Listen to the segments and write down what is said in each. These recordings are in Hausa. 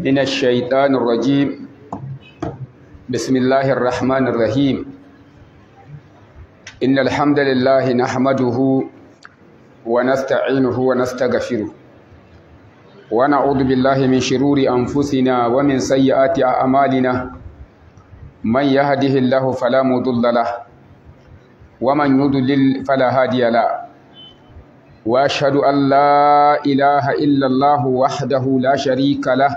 من الشيطان الرجيم بسم الله الرحمن الرحيم إن الحمد لله نحمده ونستعينه ونستغفره ونعوذ بالله من شرور أنفسنا ومن سيئات أعمالنا من يهده الله فلا مضل له ومن يضلل فلا هادي له واشهد ان لا اله الا الله وحده لا شريك له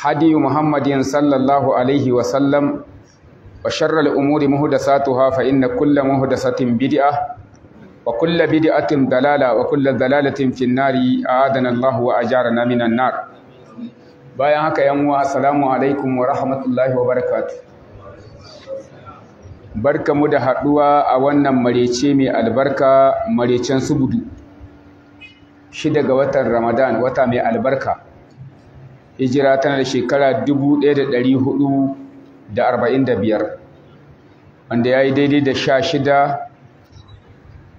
هدي محمد صلى الله عليه وسلم وشر الأمور مهدساتها فإن كل مهدسة بدعة وكل wa دلالة وكل دلالة في النار أعاذنا الله وأجارنا من النار bayan haka yan uwa assalamu alaikum wa rahmatullahi wa barakatuh mu da haduwa a wannan marece mai albarka marecen subudu shida ga watan ramadan wata mai albarka hijira tana da shekara 1445 wanda ya yi daidai da sha shida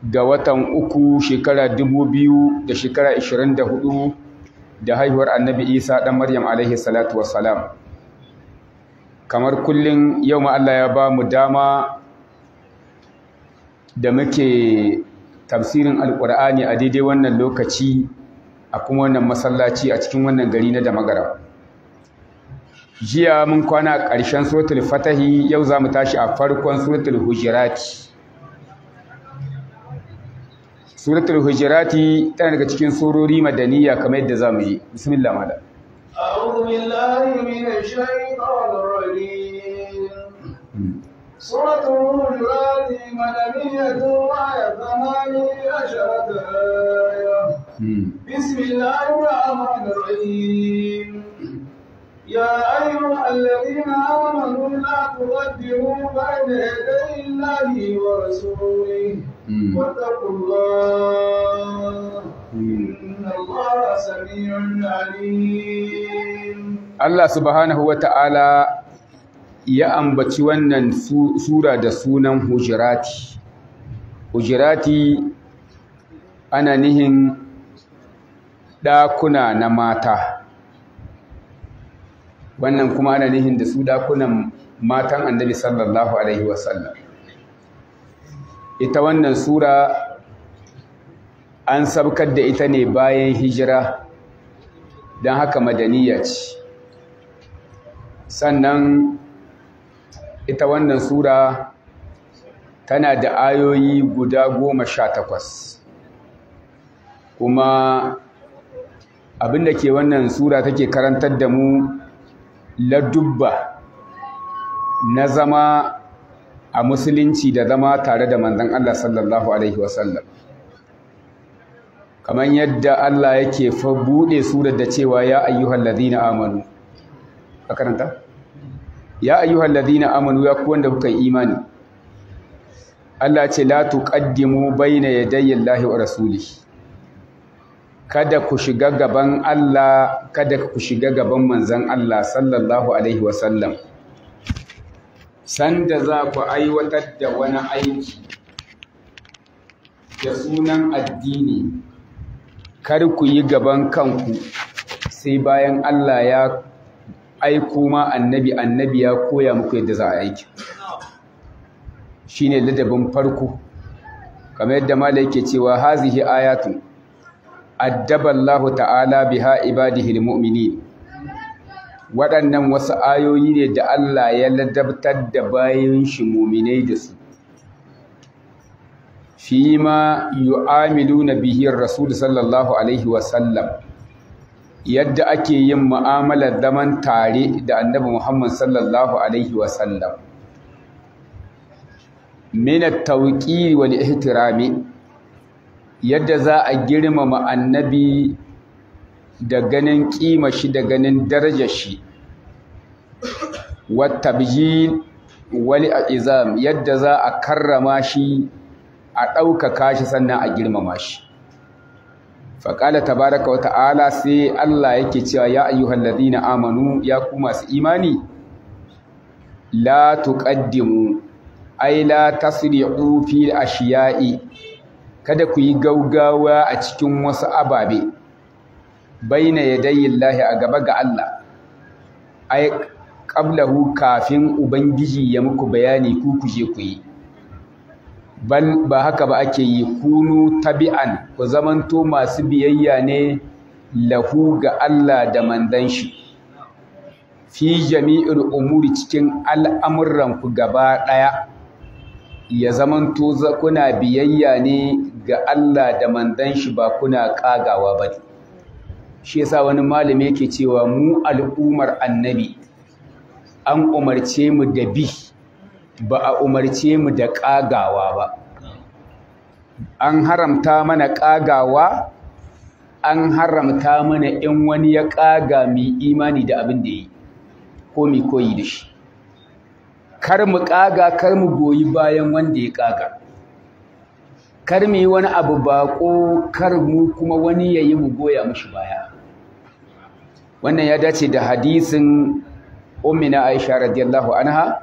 ga watan uku shekara dubu biyu da shekara ishirin da da haihuwar annabi isa ɗan maryam alaihi salatu wassalam kamar kullum yau ma allah ya ba mu dama da muke tafsirin alƙur'ani a daidai wannan lokaci a kuma wannan masallaci a cikin wannan gari na damagara jiya mun kwana a ƙarshen suratul fatahi yau za mu tashi a farkon suratul hujirati suratul hujirati tana daga cikin surori madaniya kamar yadda za mu yi bismillah mala a'udhu billahi minash الشيطان سورة الهجرات مدنية وهي ثمانية عشرة آية بسم الله الرحمن الرحيم يا أيها الذين آمنوا لا تقدموا بين يدي الله ورسوله واتقوا الله إن الله سميع عليم الله سبحانه وتعالى ya ambaci wannan sura da sunan hujirati hujirati ana nihin ɗakuna na mata wannan kuma ana nihin da su ɗakunan matan annabi sallallahu alaihi wasallam ita wannan sura an sabkar da ita ne bayan hijira don haka madaniya ce sannan ita wannan sura tana da ayoyi guda goma sha takwas kuma abinda ke wannan sura take karantar da mu ladubba na zama a musulunci da zama tare da manzon Allah sallallahu alaihi wasallam kamar yadda Allah yake fa buɗe surar da cewa ya ayyuhal ladina amanu ka karanta ya ayyuhal ladina amanu ya ku wanda kuka imani Allah ce la tuqaddimu bayna yadayi wa rasulihi kada ku shiga gaban Allah kada ku shiga gaban manzon Allah sallallahu alaihi wasallam sanda za ku aiwatar da wani aiki da sunan addini kar ku yi gaban kanku sai bayan Allah ya ai kuma annabi annabi ya koya muku yadda za a aiki shine ladabin farko kamar yadda malai yake cewa hazihi ayatun addaba Allah ta'ala biha ibadihi almu'minin waɗannan wasu ayoyi ne da Allah ya ladabtar da bayan shi muminai da su fi ma yu'amiluna bihi rasul sallallahu alaihi wa sallam yadda ake yin mu'amalar zaman tare da annabi Muhammad sallallahu alaihi wasallam min at-tawqir wal ihtirami yadda za a girmama annabi da ganin kima shi da ganin daraja shi wat tabjil wal izam yadda za a karrama shi a ɗaukaka shi sannan a girmama shi faƙala tabaraka wa ta'ala sai Allah yake cewa ya ayyuhal ladina amanu ya ku masu imani la tuqaddimu ai la tasri'u fi ashiya'i kada ku yi gaugawa a cikin wasu ababe baina yadayillahi a gaba ga Allah ai qablahu kafin ubangiji ya muku bayani ku kuje ku yi bal ba haka ba ake yi kunu tabi'an ku zamanto masu biyayya ne lahu ga Allah da mandan shi fi jami'il umuri cikin al'amuran ku gaba ɗaya ya zamanto kuna biyayya ne ga Allah da mandan shi ba kuna ƙagawa ba ne shi yasa wani malami yake cewa mu al'umar annabi an umarce mu da bi ba a umarce mu da ƙagawa ba an haramta mana ƙagawa an haramta mana in wani ya ƙaga mai imani da abin da yi ko mai koyi da shi kar mu ƙaga kar mu goyi bayan wanda ya ƙaga kar mu yi wani abu baƙo kar mu kuma wani ya yi mu goya mushi baya wannan ya dace da hadisin Umina aisha radiyallahu anha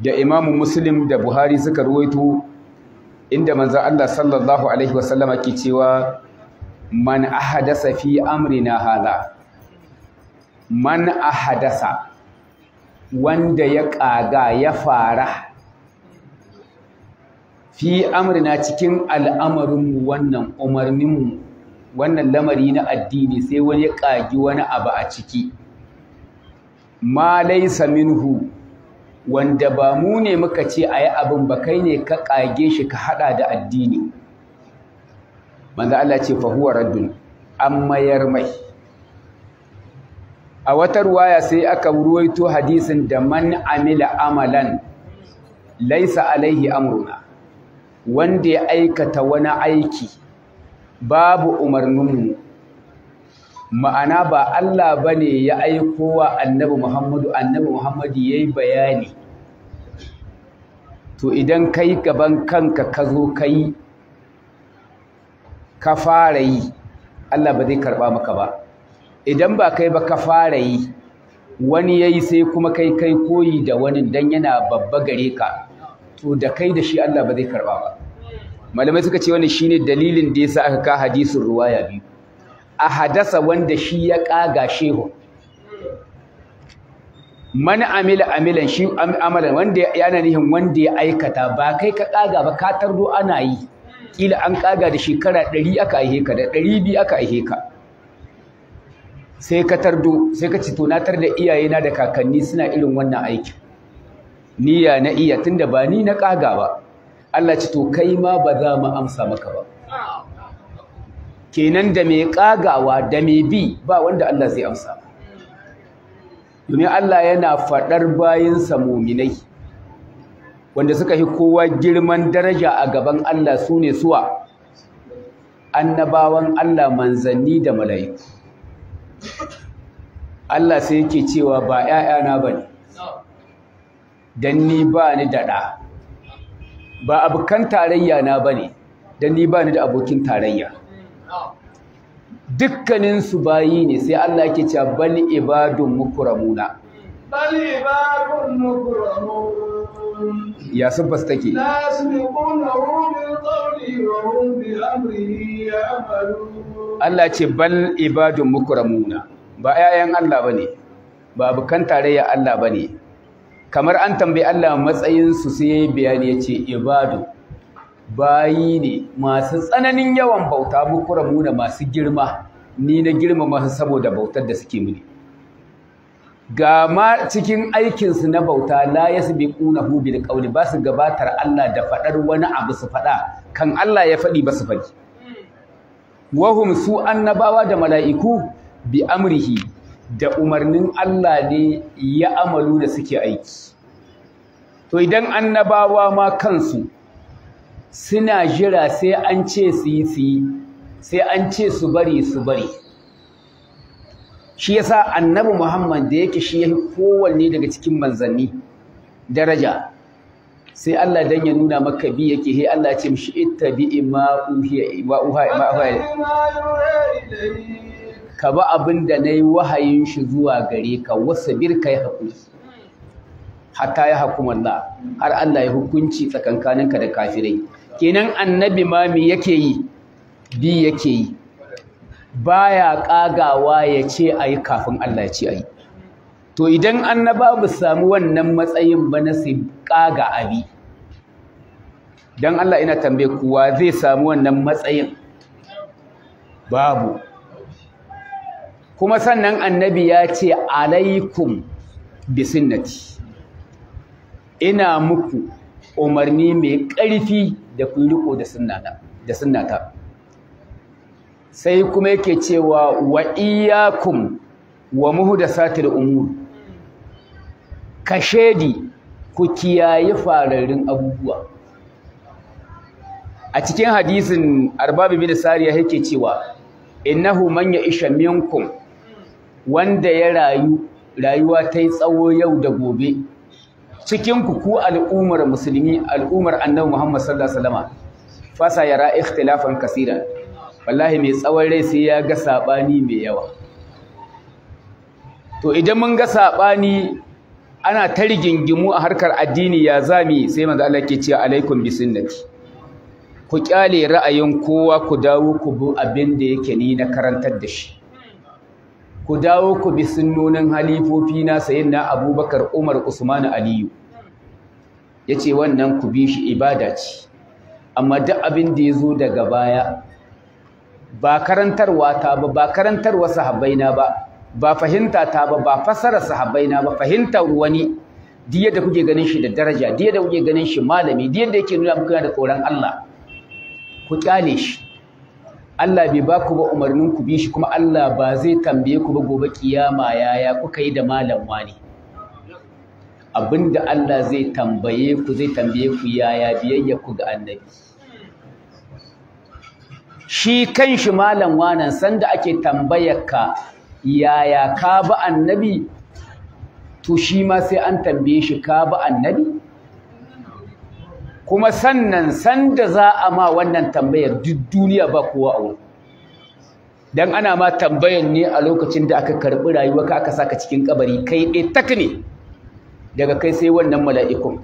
da imamu muslim da buhari suka ruwaito inda manzan Allah sallallahu alaihi wasallam ke cewa man ahadasa fi amrina hadha man ahadasa wanda ya ƙaga ya fara fi amrina cikin al'amarinmu wannan umarninmu wannan lamari na addini sai wani ya ƙagi wani abu a ciki ma laisa minhu wanda ba mu ne muka ce a yi abin ba kai ne ka ƙage shi ka haɗa da addini manzo Allah ce fa huwa raddun an mayar mai a wata ruwaya sai aka ruwaito hadisin da man amila amalan laisa alaihi amruna wanda ya aikata wani aiki babu umarninmu ma'ana ba Allah ba ne ya aiko wa annabi Muhammadu annabi Muhammadu ya yi bayani to idan kai gaban kanka ka zo ka yi ka fara yi Allah ba zai karɓa maka ba idan ba kai ba ka fara yi wani ya yi sai kuma kai kai koyi da wani dan yana babba gare ka to da kai da shi Allah ba zai karɓa ba malamai suka ce wani shine dalilin da yasa aka ka hadisin ruwaya biyu a hadasa wanda shi ya ƙaga shehu man amila amilan shi amalan wanda yana nihin wanda ya aikata ba kai ka ƙaga ba ka tardo ana yi kila an ƙaga da shekara ɗari aka aihe ka da ɗari biyu aka aihe ka sai ka tardo sai ka ci tunatar da na da kakanni suna irin wannan aikin niyya na iya tunda ba ni na ƙaga ba Allah ci to kai ma ba za mu amsa maka ba kenan da mai kagawa da mai bi ba wanda Allah zai amsa domin Allah yana faɗar bayansa muminai wanda suka yi kowa girman daraja a gaban Allah su ne suwa annabawan Allah manzanni da mala'iku Allah sai yake cewa ba ‘ya'yana ba ne don ni ba ni da ɗa ba abokan tarayya na ba ne don ni ba ni da abokin tarayya dukkaninsu bayi ne sai Allah yake cewa bal ibadun mukramuna bal ibadun mukramuna ya subbas take ke Allah ce bal ibadun mukramuna ba ayayan Allah bane ba bukan tarayya Allah bane kamar an tambayi Allah matsayin su sai bayani yace ibadu bayi ne masu tsananin yawan bauta bukura muna masu girma ni na girma masu saboda bautar da suke mini ga ma cikin aikinsu na bauta la ya su bi ƙunahu bil ba su gabatar Allah da faɗar wani abu su faɗa kan Allah ya faɗi ba su faɗi wahum su annabawa da mala'iku bi amrihi da umarnin Allah ne ya amalu da suke aiki to idan annabawa ma kansu suna jira sai an ce su yi su yi sai an ce su bari su bari shi yasa annabi muhammad da yake shi yafi kowanne daga cikin manzanni daraja sai Allah dan ya nuna maka bi yake he Allah ya ce mishi ittabi ma uhiya wa uha ma uha ka ba abin da nayi wahayin shi zuwa gare ka wasabir kai hakuri hatta ya hukuma Allah har Allah ya hukunci tsakankaninka da kafirai kenan annabi ma me yake yi bi yake yi baya kagawa ya ce ayi kafin Allah ya ce ayi to idan annaba ba samu wannan matsayin ba na sai kaga abi dan Allah ina tambaye kuwa zai samu wannan matsayin babu kuma sannan annabi ya ce alaikum bi sunnati ina muku umarni mai ƙarfi da ku riko da sunnata sai kuma yake cewa wa iyyakum wa muhdasatil umur kashedi ku kiyaye fararin abubuwa a cikin hadisin arbabi bin sariya yake cewa innahu man ya'isha minkum wanda ya rayu rayuwa ta tsawo yau da gobe cikin ku ku al'ummar musulmi al'ummar annabi Muhammad sallallahu alaihi wasallam fasa yara ikhtilafan kaseeran wallahi mai tsawon rai sai ya ga sabani mai yawa to idan mun ga sabani ana ta rigingimu a harkar addini ya zami sai manzo Allah ke cewa alaikum bi sunnati ku kyale ra'ayin kowa ku dawo ku bi abin da yake ni na karantar da shi ku dawo ku bi sunnonin halifofi na sayyidina abubakar umar usman aliyu yace wannan ku bi shi ibada ce amma duk abin da ya zo daga baya ba karantarwa ta ba ba karantarwa sahabbaina ba ba fahimta ta ba ba fasara sahabbaina ba fahimtar wani diya da kuke ganin shi da daraja diya da kuke ganin shi malami diya da yake nuna muku da tsoron Allah ku kyale shi Allah bai ba ku ba umarnin ku bi shi kuma Allah ba zai tambaye ku ba gobe kiyama yaya kuka yi da malam wani abinda Allah zai tambaye ku zai tambaye ku yaya biyayya ku ga annabi shi kanshi malam wanan sanda ake tambayar ka yaya ka bi annabi to shi ma sai an tambaye shi ka ba annabi kuma sannan sanda za a ma wannan tambayar duk duniya ba kowa a wurin dan ana ma tambayar ne a lokacin da aka karbi rayuwa ka aka saka cikin kabari kai ɗaya tak ne daga kai sai wannan mala'ikun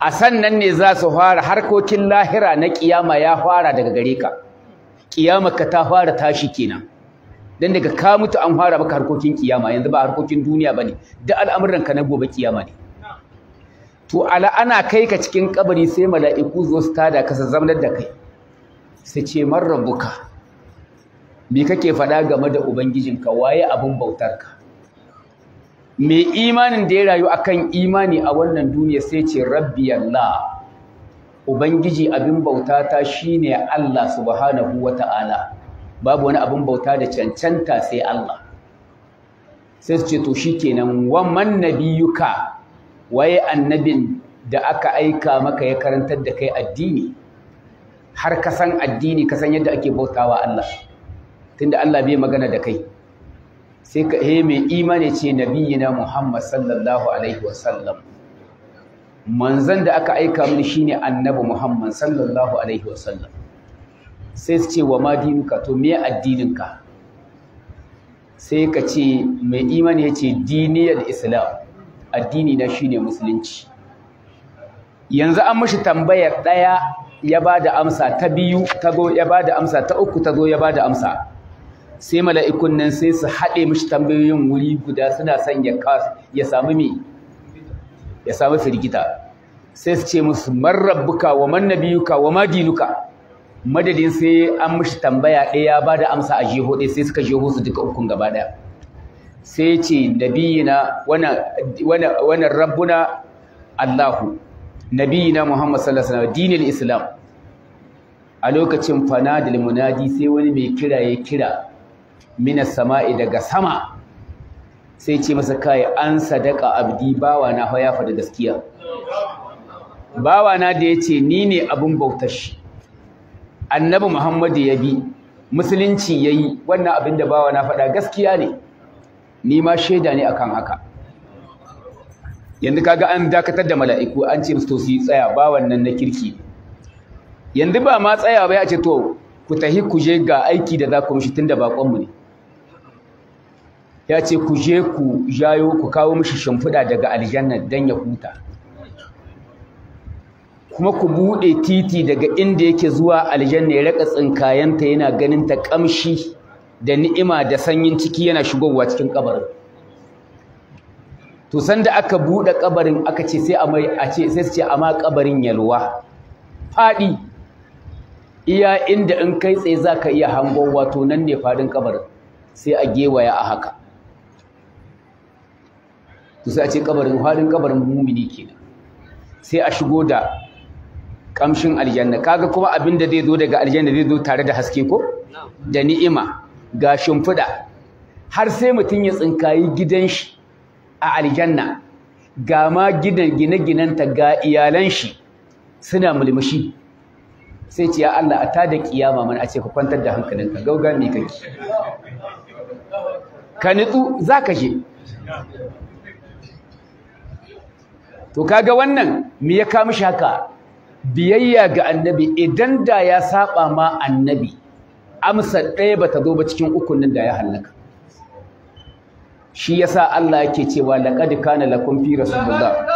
a sannan ne za su fara harkokin lahira na ƙiyama ya fara daga gare ka kiyama ka ta fara tashi kenan dan daga ka mutu an fara maka harkokin kiyama yanzu ba harkokin duniya bane duk al'amuran ka na gobe kiyama ne to ala ana kai ka cikin kabari sai mala'iku zo su tada ka zamanar da kai su ce man rabbuka me kake faɗa game da ubangijinka waye abin bautarka Me imanin da ya rayu akan imani a wannan duniya sai ce rabbi Allah ubangiji abin bautata shine Allah subhanahu wata'ala babu wani abin bauta da cancanta sai Allah sai su ce to shikenan wa man nabiyuka waye annabin da aka aika maka ya karantar da kai addini har ka san addini ka san yadda ake bautawa Allah tunda Allah bai magana da kai sai ka he mai imani ce nabiyina Muhammad sallallahu alaihi wasallam manzon da aka aika mini shine annabi Muhammad sallallahu alaihi wasallam sai su ce wa ma dinuka to me addininka sai ka ce mai imani ya ce diniyar islam addini na shine musulunci yanzu an mashi tambaya ɗaya ya ba da amsa ta biyu ta ya ba amsa ta uku ta ya ba amsa sai mala'ikun nan sai su haɗe mashi tambayoyin wuri guda suna son ya samu me ya samu firgita sai su ce musu man rabbuka wa man nabiyuka wa ma dinuka madadin sai an mishi tambaya ɗaya ya bada amsa a jeho ɗaya sai suka jeho su duka ukun gaba ɗaya sai ce nabiyina wannan rabbuna Allahu nabiyina Muhammad sallallahu alaihi wasallam dinin islam a lokacin fana fanadil munadi sai wani mai kira ya kira mina sama'i daga sama sai ce masa kai an sadaka abdi bawa na fa ya gaskiya bawa na da yace ni ne abun bautar shi annabi Muhammad ya bi musulunci yayi wannan abin da bawa na faɗa gaskiya ne ni ma shaida ne akan haka yanzu kaga an dakatar da mala'iku an ce musu su tsaya ba wannan na kirki yanzu ba ma tsaya ba ya ce to ku tahi ku je ga aiki da za ku mishi tunda bakon mu ne ya ce ku je ku jayo ku kawo mishi shimfiɗa daga aljanna dan ya huta kuma ku buɗe titi daga inda yake zuwa aljanna ya raka tsinkayanta yana ganin ta ƙamshi da ni'ima da sanyin ciki yana shigowa cikin kabarin to sanda aka bude kabarin aka ce sai a mai a ce sai su ce amma kabarin yalwa fadi iya inda in kai tsaye zaka iya hangon wato nan ne fadin kabarin sai a gewaya a haka to sai a ce kabarin fadin kabarin mumini kenan sai a shigo da kamshin aljanna kaga kuma abin da zai zo daga aljanna zai zo tare da haske ko da ni'ima ga shimfiɗa har sai mutum ya tsinkayi gidan shi a aljanna ga ma gidan gine ga iyalan shi suna mulmushi sai ce ya Allah a tada kiyama mana a ce ka kwantar da hankalinka gauga kake ka nutsu za ka je to kaga wannan me ya kawo mishi haka biyayya ga annabi idan da ya saba ma annabi Amsar ɗaya ba ta zo ba cikin ukunnin da ya hallaka. shi yasa Allah yake cewa laqad kana lakum fi rasulillah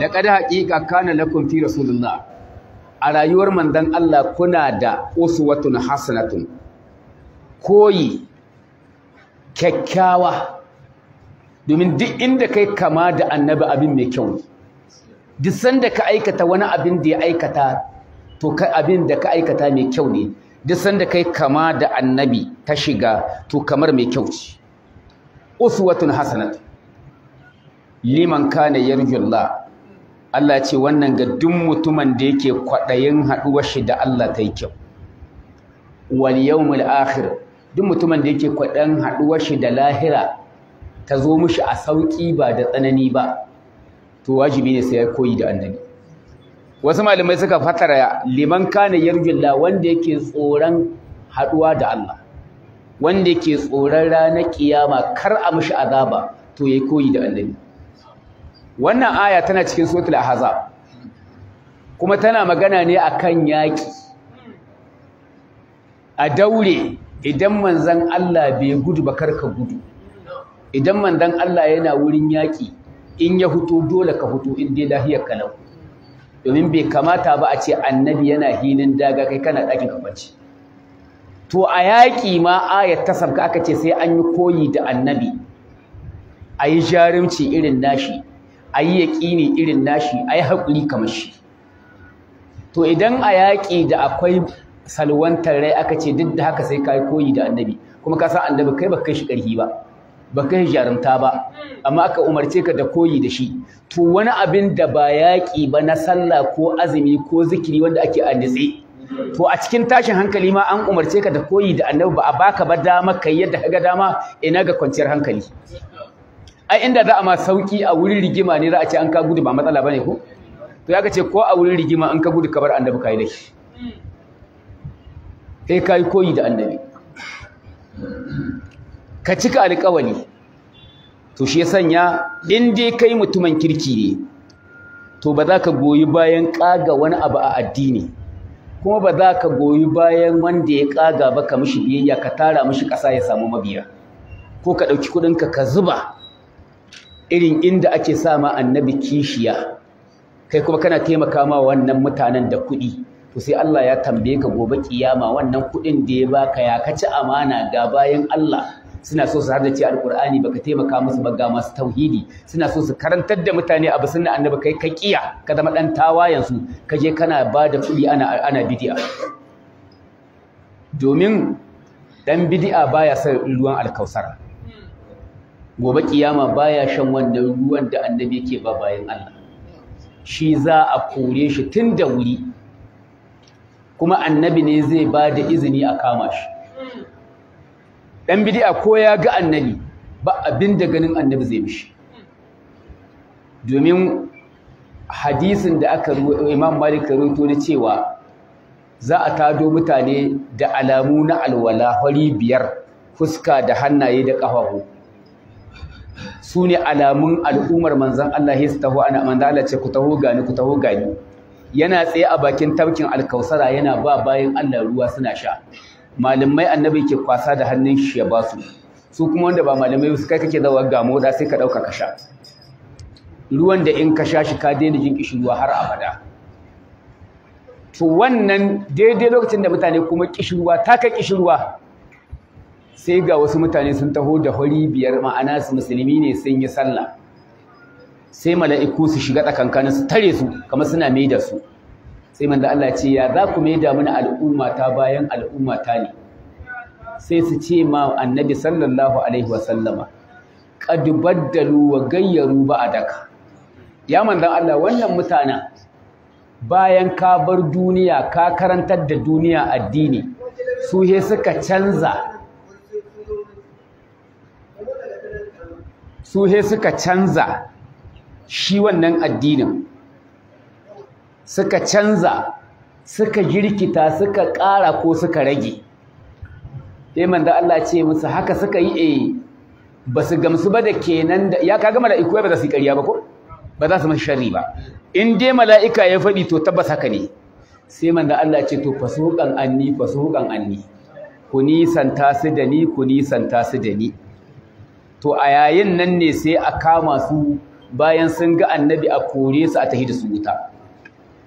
laqad hmm. haqiqa kana lakum fi rasulillah a rayuwar mandan Allah kuna da uswatun hasanatun koyi kyakkyawa domin duk inda kai kama da annabi abin mai kyau duk sanda ka aikata wani abin da ya aikata to kai abin da ka aikata mai kyau ne duk sanda kai kama da annabi ta shiga to kamar mai kyau ce uswatun hasanat liman kana yarjullah Allah ce wannan ga duk mutumin da yake kwaɗayin haɗuwar shi da Allah ta yi kyau wal yawmul akhir duk mutumin da yake kwaɗan haɗuwar shi da lahira ta zo mishi a sauƙi ba da tsanani ba to wajibi ne sai ya koyi da annabi wasu malamai suka fatara liman kana yarjulla wanda yake tsoron haɗuwa da Allah wanda yake tsoron ranar kiyama kar a mishi azaba to ya koyi da annabi wannan aya tana cikin suratul ahzab kuma tana magana ne akan yaƙi a daure idan manzan Allah bai gudu ba karka gudu idan manzan Allah yana wurin yaƙi in ya huto dole ka hutu in dai lahiyar lau domin bai kamata ba a ce annabi yana hinin daga kai kana ɗakin kafanci to a yaƙi ma ayat ta sabka aka ce sai an yi koyi da annabi a yi jarumci irin nashi a yi yaƙini irin nashi a yi haƙuri kamar shi to idan a yaƙi da akwai salwantar rai aka ce duk da haka sai ka yi koyi da annabi kuma ka san annabi kai baka kai shi ƙarfi ba baka kai jarumta ba amma aka umarce ka da koyi da shi to wani abin da ba yaƙi ba na sallah ko azumi ko zikiri wanda ake a nitse to a cikin tashin hankali ma an umarce ka da koyi da annabi ba a baka ba dama kai yadda kaga dama ina ga kwanciyar hankali ai inda za a ma sauki a wurin rigima ne za a ce an ka gudu ba matsala bane ko to ya ce ko a wurin rigima an ka gudu kabar bar annabi kai da shi kai ka yi koyi da annabi ka cika alƙawari to shi ya sanya in dai kai mutumin kirki ne to ba za ka goyi bayan ƙaga wani abu a addini kuma ba za ka goyi bayan wanda ya ƙaga ba ka mishi biyayya ka tara mishi ƙasa ya samu mabiya ko ka ɗauki kuɗinka ka zuba irin inda ake sama annabi kishiya kai kuma kana taimaka ma wannan mutanen da kuɗi to sai Allah ya tambaye ka gobe kiyama wannan kuɗin da ya baka ya kaci amana ga bayan Allah suna so su haddace alqur'ani baka taimaka musu ba ga masu tauhidi suna so su karantar da mutane abu sunna annabi kai ka kiya ka zama dan tawayen su ka je kana ba da kuɗi ana ana bid'a domin dan bid'a baya son ruwan alkausara gobe kiyama baya shan wannan ruwan da annabi yake ba bayan Allah shi za a kore shi tun da wuri kuma annabi ne zai ba da izini a kama shi ɗan bidi'a ko ya ga annabi ba abin da ganin annabi zai mishi domin hadisin da aka imam malik karuto da cewa za a tado mutane da alamu na alwala hori biyar fuska da hannaye da ƙafafu su ne alamun al'ummar manzan Allah ya taho ana manzan Allah ce ku taho gani ku taho gani yana tsaye a bakin tafkin alkausara yana ba bayan Allah ruwa suna sha malamai annabi ke kwasa da hannun shi ya ba su su kuma wanda ba malamai su kai kake zawa ga moda sai ka dauka ka sha ruwan da in ka sha shi ka daina jin kishin ruwa har abada to wannan daidai lokacin da mutane kuma kishin ruwa ta kai kishin ruwa sai ga wasu mutane sun taho da hori biyar ma'ana su musulmi ne sun yi sallah sai mala'iku su shiga tsakankanin su tare su kama suna mai da su sai manda Allah ce ya za ku mai da mana al'ummata bayan al'ummata ne sai su ce ma annabi sallallahu alaihi wa da ruwa baddalu wa gayyaru daga ya manda Allah wannan mutanen bayan ka bar duniya ka karantar da duniya addini su he suka canza su he suka canza shi wannan addinin suka canza suka girkita suka ƙara ko suka rage sai manzo Allah ce musu haka suka yi eh ba su gamsu ba da kenan da ya kaga mala'iku ba za su yi ƙarya ba ko ba za su mashi sharri ba in dai mala'ika ya faɗi to tabbas haka ne sai manzo Allah ce to fasuqan anni fasuqan anni ku santa su da ni ku santa su da ni to a yayin nan ne sai a kama su bayan sun ga annabi a kore su a tahi su wuta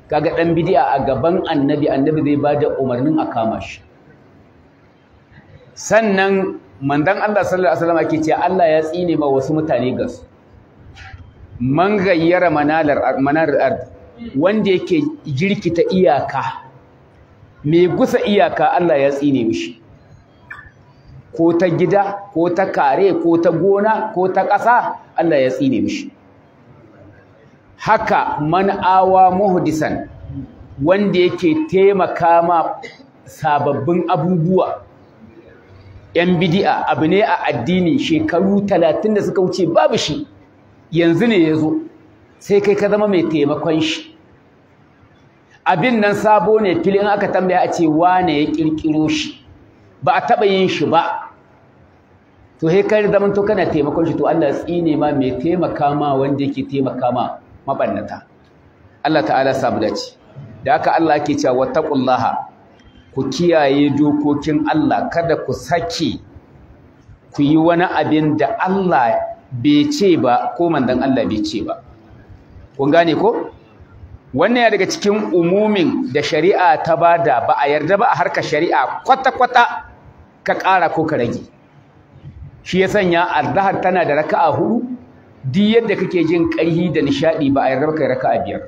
kaga dan bid'a a gaban annabi annabi zai bada umarnin a kama shi sannan mandan Allah sallallahu alaihi wasallam ake cewa Allah ya tsine ma wasu mutane gas man gayyara manalar manar ard wanda yake jirkita iyaka mai gusa iyaka Allah ya tsine mishi ko ta gida ko ta kare ko ta gona ko ta ƙasa Allah ya tsine mishi haka man awa muhdisan wanda yake taimaka ma sababbin abubuwa yan bidi'a abu ne a addini shekaru talatin da suka wuce babu shi yanzu ne ya zo sai kai ka zama mai taimakon shi abin nan sabo ne filin aka tambaya a ce wane ya ƙirƙiro shi ba a taɓa yin shi ba to he kai zaman to kana taimakon shi to Allah tsine ma mai taimaka ma wanda yake taimaka ma mabannata Allah ta'ala samu dace da haka Allah yake cewa wattaqullaha ku kiyaye dokokin Allah kada ku sake ku yi wani abin da Allah bai ce ba ko mandan Allah bai ce ba kun gane ko wannan ya daga cikin umumin da shari'a ta bada ba a yarda ba a harkar shari'a kwata-kwata ka ƙara ko ka rage shi ya sanya azhar tana da raka'a hudu duk yadda kake jin ƙarhi da nishaɗi ba a yarda ba ka raka raka'a biyar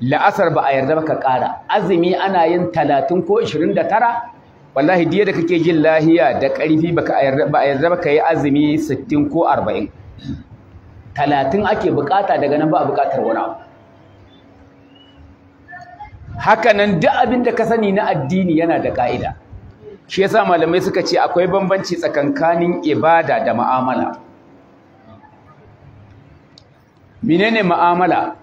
la'asar ba a yarda ba ka ƙara azumi ana yin talatin ko ishirin da tara wallahi duk yadda kake jin lahiya da ƙarfi ba a yarda ba ka yi azumi sittin ko arba'in talatin ake bukata daga nan ba a bukatar wani abu hakanan duk abin da ka sani na addini yana da ƙa'ida shi yasa malamai suka ce akwai bambanci tsakankanin ibada da ma'amala menene ma'amala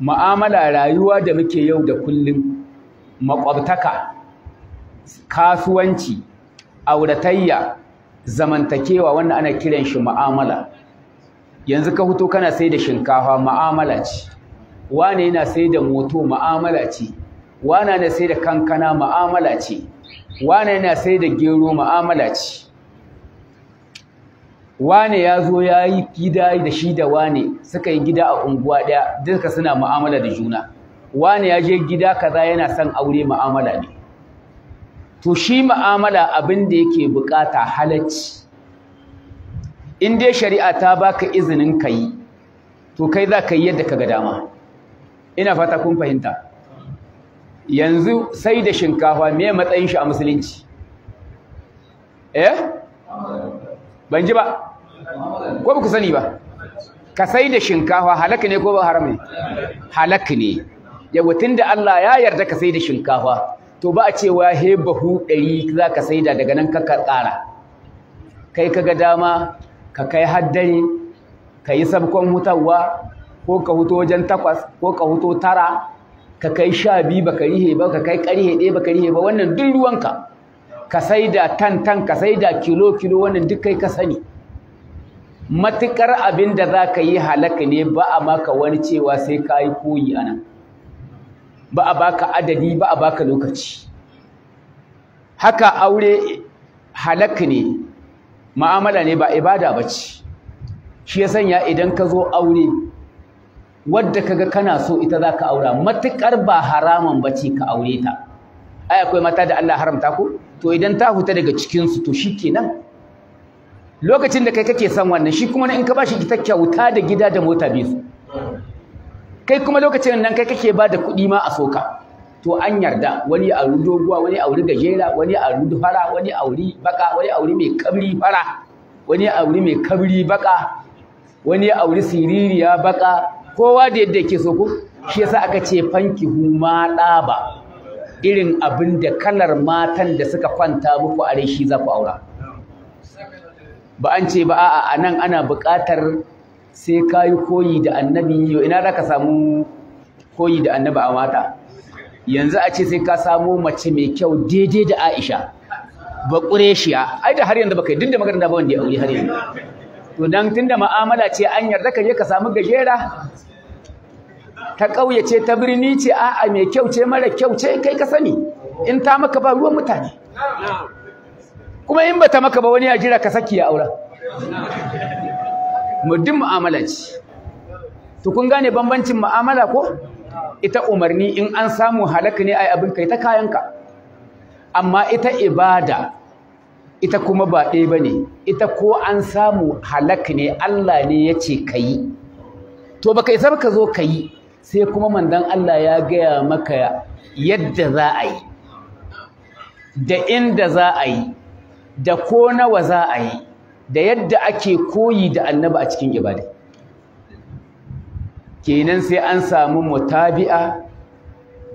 ma'amala rayuwa da muke yau da kullum makwabtaka kasuwanci auratayya zamantakewa wannan ana kiran shi ma'amala yanzu ka fito kana sai da shinkafa ma'amala ce wane yana sai da moto ma'amala ce wane yana sai da kankana ma'amala ce wane yana sai da gero ma'amala ce wane ya zo ya yi gida da shi da wane suka yi gida a unguwa ɗaya duka suna mu'amala da juna wane ya je gida kaza yana son aure mu'amala ne to shi mu'amala abin da yake bukata halacci in dai shari'a ta baka izinin ka yi to kai za ka yi yadda ka ga dama ina fata kun fahimta yanzu sai da shinkafa me matsayin shi a musulunci eh ban ji ba ko ba ku sani ba ka sai da shinkafa halak ne ko ba haram ne halak ne yawa da Allah ya yarda ka sai da shinkafa to ba a ce wa he bahu ɗari za ka sai da daga nan ka ƙara kai ka ga dama ka kai haddare ka yi sabkon hutawa ko ka huto wajen takwas ko ka huto tara ka kai sha biyu ba ka rihe ba ka kai karihe ɗaya ba ka rihe ba wannan duk ruwanka ka sai tan tan ka sai da kilo kilo wannan duk kai ka sani matukar abin da za ka yi halaka ne ba a maka wani cewa sai ka yi koyi a nan ba a baka adadi ba a baka lokaci haka aure halaka ne ma'amala ne ba ibada ba ce shi ya sanya idan ka zo aure wadda kaga kana so ita za ka aura matukar ba haraman ba ce ka aure ta ai akwai mata da Allah haramta ku to idan ta fita daga cikinsu to shi kenan lokacin da kai kake son wannan shi kuma in ka ba shi ita kyauta da gida da mota biyu kai kuma lokacin nan kai kake ba da kuɗi ma a soka to an yarda wani a wuri doguwa wani a wuri gajera wani a wuri fara wani a wuri baka wani a wuri mai kabri fara wani a wuri mai kabri baka wani a wuri siririya baka kowa da yadda yake so ko shi yasa aka ce fanki huma ɗaba irin abin da kalar matan da suka kwanta muku a rai shi za ku aura ba an ce ba a'a nan ana buƙatar sai ka yi koyi da annabi yau ina za ka samu koyi da annabi a mata yanzu a ce sai ka samu mace mai kyau daidai da Aisha ba ƙureshiya ai da har yanzu baka yi duk da maganar da ba wanda ya aure har yanzu to dan tunda mu'amala ce an yarda ka je ka samu gajera ta ƙauye ce ta birni ce a'a mai kyau ce mara kyau ce kai ka sani in ta maka ba ruwan mutane kuma in bata maka ba wani ya jira ka saki ya aura muddin mu'amala ce to kun gane bambancin mu'amala ko ita umarni in an samu halaka ne ai abin kai ta kayanka amma ita ibada ita kuma ba ɗaya ba ne ita ko an samu halak ne Allah ne ya ce ka yi to baka isa ka zo ka yi sai kuma mandan Allah ya gaya maka yadda za a yi da inda za a yi da ko nawa za a yi da yadda ake koyi da annaba a cikin ibada kenan sai an samu mutabi'a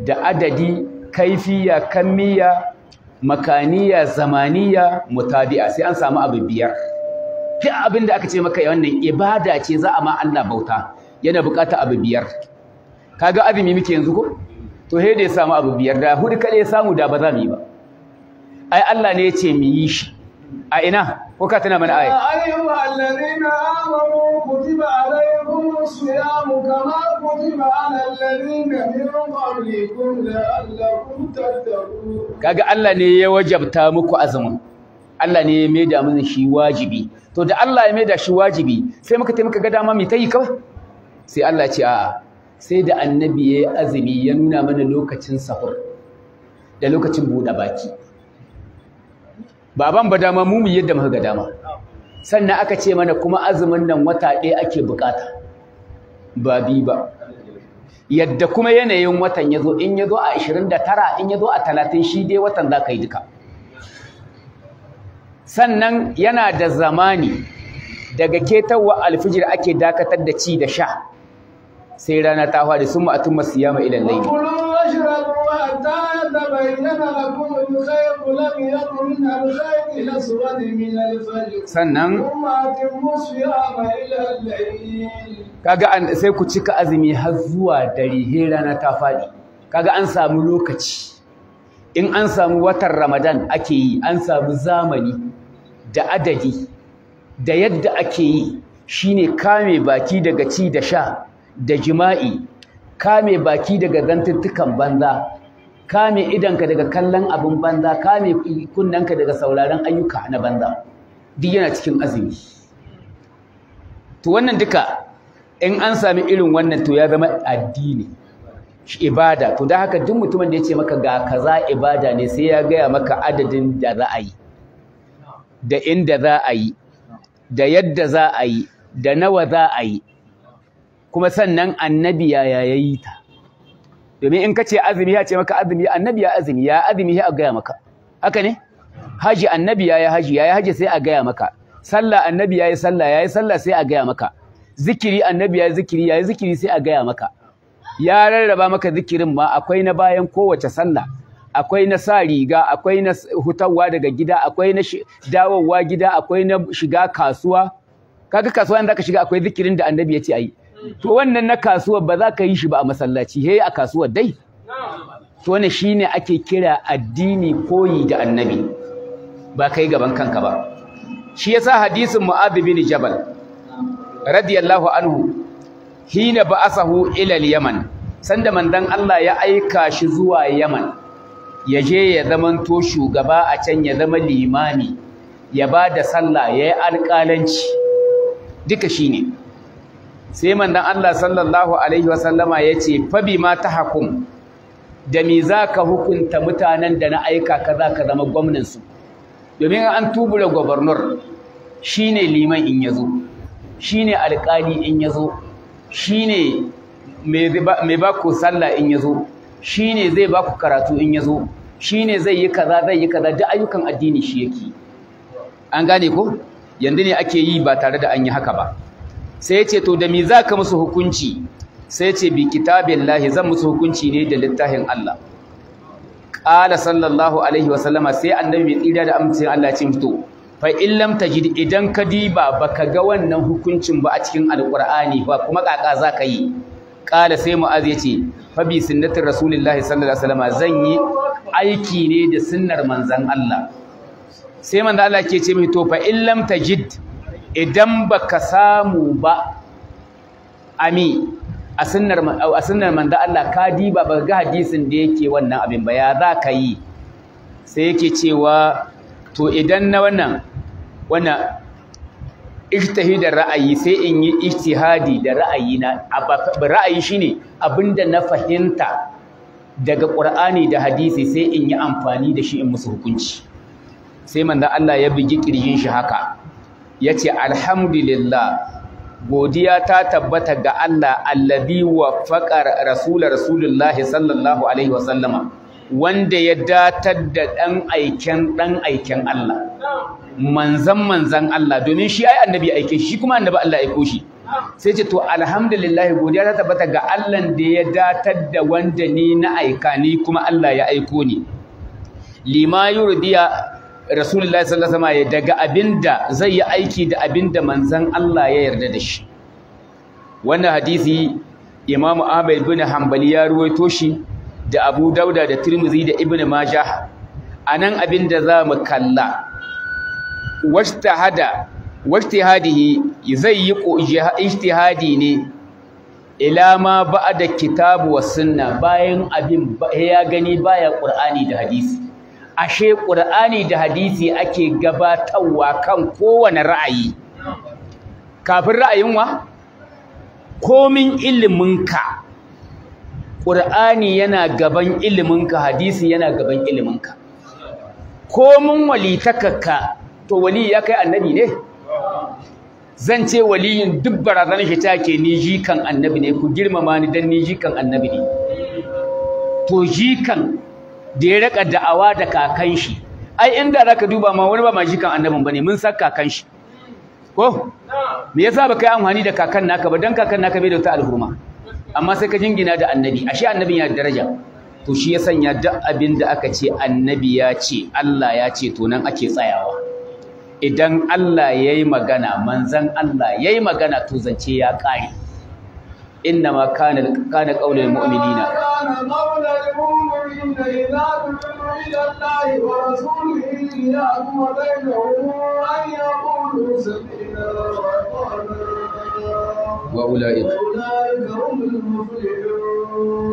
da adadi kaifiya kammiya makaniya zamaniya mutabi'a sai an samu abu biyar duk abin da aka ce maka wannan ibada ce za a ma Allah bauta yana bukata abu biyar kaga azumi muke yanzu ko to he da ya samu abu biyar da hudu kada ya samu da ba za mu yi ba ai Allah ne ya ce mu yi shi a ina ko ka tana mana ayi ayyuha allazina amanu kutiba alaykumus siyamu kama kutiba alal ladina min qablikum la'allakum tattaqun kaga Allah ne ya wajabta muku azumin Allah ne ya maida mun shi wajibi to da Allah ya maida shi wajibi sai muka taimaka ga dama mu tayi kawai sai Allah ya ce a'a sai da annabi ya yi azumi ya nuna mana lokacin sahur da lokacin buɗe baki baban ba dama mu mu yadda muka ga dama sannan aka ce mana kuma azumin nan wata ɗaya ake bukata ba bi ba yadda kuma yanayin watan ya zo in ya zo a 29 in ya zo a 30 shi dai watan za ka yi duka sannan yana da zamani daga ketawa alfijir ake dakatar da ci da sha sai rana ta fadi sun masu atumma siyama ila layl sannan kaga sai ku cika azumi har zuwa dare he rana ta fadi kaga an samu lokaci in an samu watan Ramadan ake yi an samu zamani da adadi da yadda ake yi shine kame baki daga ci da sha da jima'i kame baki daga zantuttukan banza kame idanka daga kallon abin banza kame kunnenka daga sauraron ayyuka na banza duk yana cikin azumi to wannan duka in an sami irin wannan to ya zama addini ibada to da haka duk mutumin da ya ce maka ga kaza ibada ne sai ya gaya maka adadin da za a yi da inda za a yi da yadda za a yi da nawa za a yi kuma sannan annabi ya yayi ta domin in kace azumi ya ce maka azumi annabi ya azumi ya azumi ya gaya maka haka ne haji annabi ya yi haji ya yi haji sai a gaya maka sallah annabi ya yi sallah ya yi sallah sai a gaya maka zikiri annabi ya yi zikiri ya yi zikiri sai a gaya maka ya rarraba maka zikirin ma akwai na bayan kowace sallah akwai na sa riga akwai na hutawa daga gida akwai na dawowa gida akwai na shiga kasuwa kaga kasuwa da zaka shiga akwai zikirin da annabi ya ce ayi to wannan na kasuwar ba za ka yi shi ba a masallaci he a kasuwar dai to wannan shine ake kira addini koyi da annabi ba kai gaban kanka ba shi yasa hadisin mu'adh bin jabal radiyallahu anhu hina ba'asahu ila al-yaman sanda mandan Allah ya aika shi zuwa yaman ya je ya zamanto shugaba a can ya zama limami ya ba da sallah ya yi alƙalanci duka shi ne sai manzon Allah sallallahu alaihi wasallama yace fa bima tahkum da me zaka hukunta mutanen da na aika kaza ka zama gwamnan su domin an tubura governor shine liman in yazo shine alƙali in yazo shine mai ba ku sallah in yazo shine zai ba ku karatu in yazo shine zai yi kaza zai yi kaza duk ayyukan addini shi yake an gane ko yanzu ne ake yi ba tare da an yi haka ba sai ce to da me za ka musu hukunci sai ce bi kitabillahi zan musu hukunci ne da littafin Allah qala sallallahu alaihi wasallama sai annabi mai tsira da amincin Allah cin to fa in tajid idan ka diba baka ga wannan hukuncin ba a cikin alqur'ani ba kuma kaka za ka yi qala sai mu'az ce fa bi sunnatir rasulillahi sallallahu alaihi wasallama zan yi aiki ne da sunnar manzon Allah sai manzon Allah ke ce mai to fa in tajid idan baka samu ba ami a sunnar a Allah ka diba ba ga hadisin da yake wannan abin ba ya za ka yi sai yake cewa to idan na wannan wannan ijtihadi da ra'ayi sai in yi ijtihadi da ra'ayi na ra'ayi shine abinda na fahimta daga Qur'ani da hadisi sai in yi amfani da shi in musu hukunci sai manzo Allah ya bugi kirjin shi haka ya ce alhamdulillah godiya ta tabbata ga Allah wa waffaqa rasul rasulullah sallallahu alaihi wasallama wanda ya datar da dan aiken dan aiken Allah manzan manzan Allah domin shi ai annabi aike shi kuma annabi Allah aiko shi sai ce to alhamdulillah godiya ta tabbata ga Allah da ya datar da wanda ni na aika ni kuma Allah ya aiko ni lima yurdiya Rasulullah sallallahu alaihi wasallam daga abinda zai yi aiki da abinda manzon Allah ya yarda da shi wannan hadisi Imam Ahmad bin Hanbali ya ruwaito shi da Abu Dauda da Tirmidhi da Ibn Majah anan abinda za mu kalla wajtahada wajtihadihi zai yi ijtihadi ne ila ma ba'da kitabu wa sunna bayan abin ya gani baya Qur'ani da hadisi ashe ƙur'ani da hadisi ake gabatarwa kan kowane ra'ayi kafin ra'ayin wa komin iliminka ƙur'ani yana gaban iliminka hadisi yana gaban iliminka komin walitakaka to wali ya kai annabi ne zan ce waliyin duk barazanar shi take ni jikan annabi ne ku girmama ni dan ni jikan annabi ne to jikan da ya raka da'awa da kakan shi ai inda zaka duba ma wani ba ma jikan annabin bane mun san kakan shi ko me yasa baka yi amfani da kakan naka ba dan kakan naka bai da wata alhurma amma sai ka jingina da annabi ashe annabin ya daraja to shi ya sanya duk abin da aka ce annabi ya ce Allah ya ce to nan ake tsayawa idan Allah ya magana manzan Allah ya magana to zance ya ƙare إنما كان كان قول المؤمنين mu'minina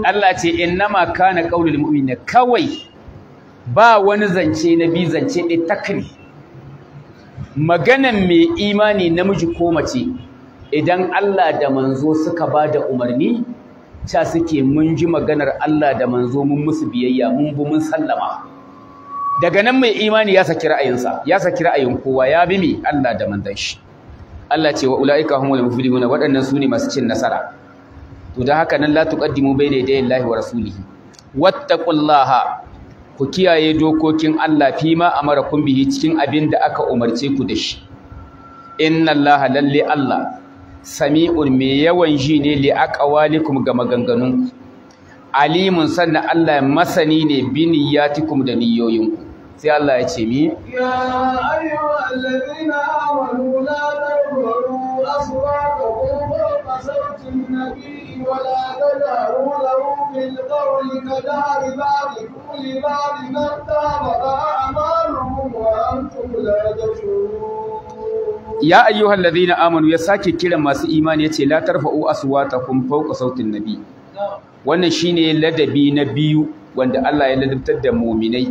Allah ce inna ma kana qaulul mu'minina kawai ba wani zance na bi zance ɗaya takri maganan mai imani namiji ko mace idan Allah da manzo suka ba da umarni ca suke mun ji maganar Allah da manzo mun musu biyayya mun bi mun sallama daga nan mai imani ya saki ra'ayinsa ya saki ra'ayin kowa ya bi mi Allah da manzon shi Allah ce wa ulaika humul muflihun waɗannan su ne masu cin nasara to dan haka nan la tuqaddimu bayna Allahi wa rasulihi wattaqullaha ku kiyaye dokokin Allah fi ma amarakum bihi cikin abin da aka umarce ku da shi inna Allah lalle Allah sami'un mai yawan ji ne li aqwalikum ga maganganun alimun sannan Allah masani ne bi niyyatikum da niyoyinku sai Allah ya ce mi ya ayyuhallazina amanu la tarfa'u aswaqakum fawqa sawti an-nabi wa la tad'u lahu bil qawli kadari ba'dikum li ba'din tabata a'malukum wa antum la tashurun ya ayyuhal ladhina amanu ya sake kiran masu imani yace la tarfa'u aswatakum fawqa sautin nabi wannan shine ladabi na biyu wanda Allah ya ladabtar da mu'minai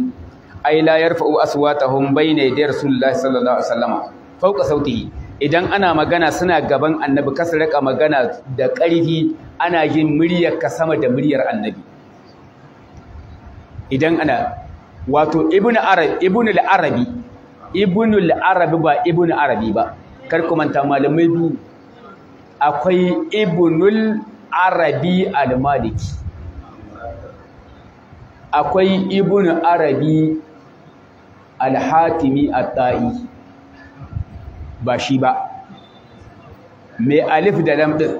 ay la yarfa'u aswatahum bayna yaday rasulillahi sallallahu alaihi wasallam fawqa sautihi idan ana magana suna gaban annabi kasa raka magana da ƙarfi ana yin muryar ka sama da muryar annabi idan ana wato ibnu arab ibnu al-arabi ibnul arabi ba ibnu arabi ba kar ku manta malamai biyu akwai ibnul arabi al-maliki akwai ibnu arabi al-hatimi at-ta'i ba shi ba mai alif da lam din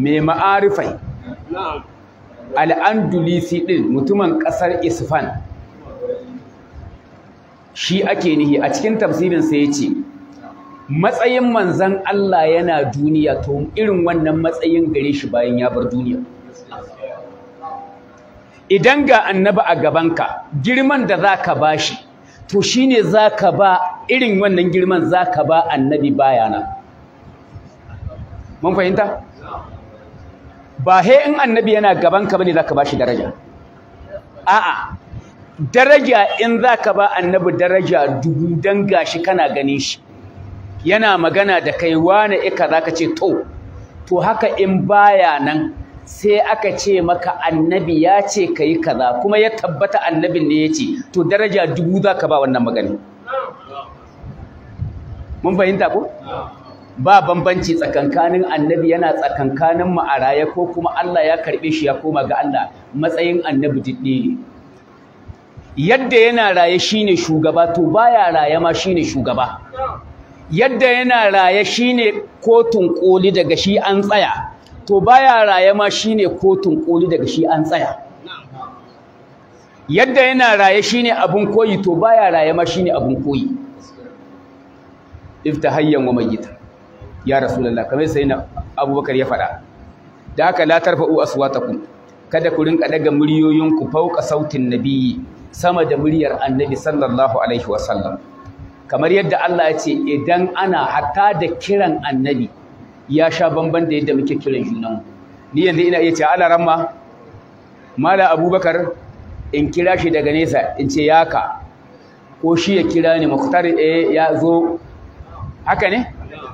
mai ma'arifai al-andulisi din mutumin kasar isfan shi ake nihi a cikin tafsirin sai ya ce matsayin manzan Allah yana duniya to irin wannan matsayin gare shi bayan ya bar duniya idan ga annabi a gabanka girman da za ka ba shi to shi ne ba irin wannan girman za ka ba annabi bayana mun fahimta ba he in annabi yana gabanka ba ne za ka ba daraja a'a daraja in za ka ba annabi daraja dubu don gashi kana ganin shi yana magana da kai wane ika za ka ce to to haka in baya nan sai aka ce maka annabi ya ce ka yi kaza kuma ya tabbata annabin ne ya ce to daraja dubu za ka ba wannan magani, mun fahimta ko ba bambanci tsakankanin annabi yana tsakankanin mu ma'araya ko kuma Allah ya karɓe shi ya koma ga Allah matsayin annabi diddi yadda yana raye shine shugaba to baya raye ma shine shugaba yadda yana raye shine kotun koli daga shi an tsaya to baya raye ma shine kotun koli daga shi an tsaya yadda yana raye shine abun koyi to baya raye ma shine abun koyi iftahayyan wa mayyita ya rasulullah kamar sai na abubakar ya faɗa da haka la tarfa'u aswatakum kada ku rinka daga muryoyinku fauka sautin nabiyyi sama da muryar annabi sallallahu alaihi wasallam kamar yadda Allah ya ce idan ana hatta da kiran annabi ya sha bamban da yadda muke kiran junan ni yanzu ina iya ce ala ramma mala abubakar in kira shi daga nesa in ce yaka ko shi ya kira ni muktar eh ya zo haka ne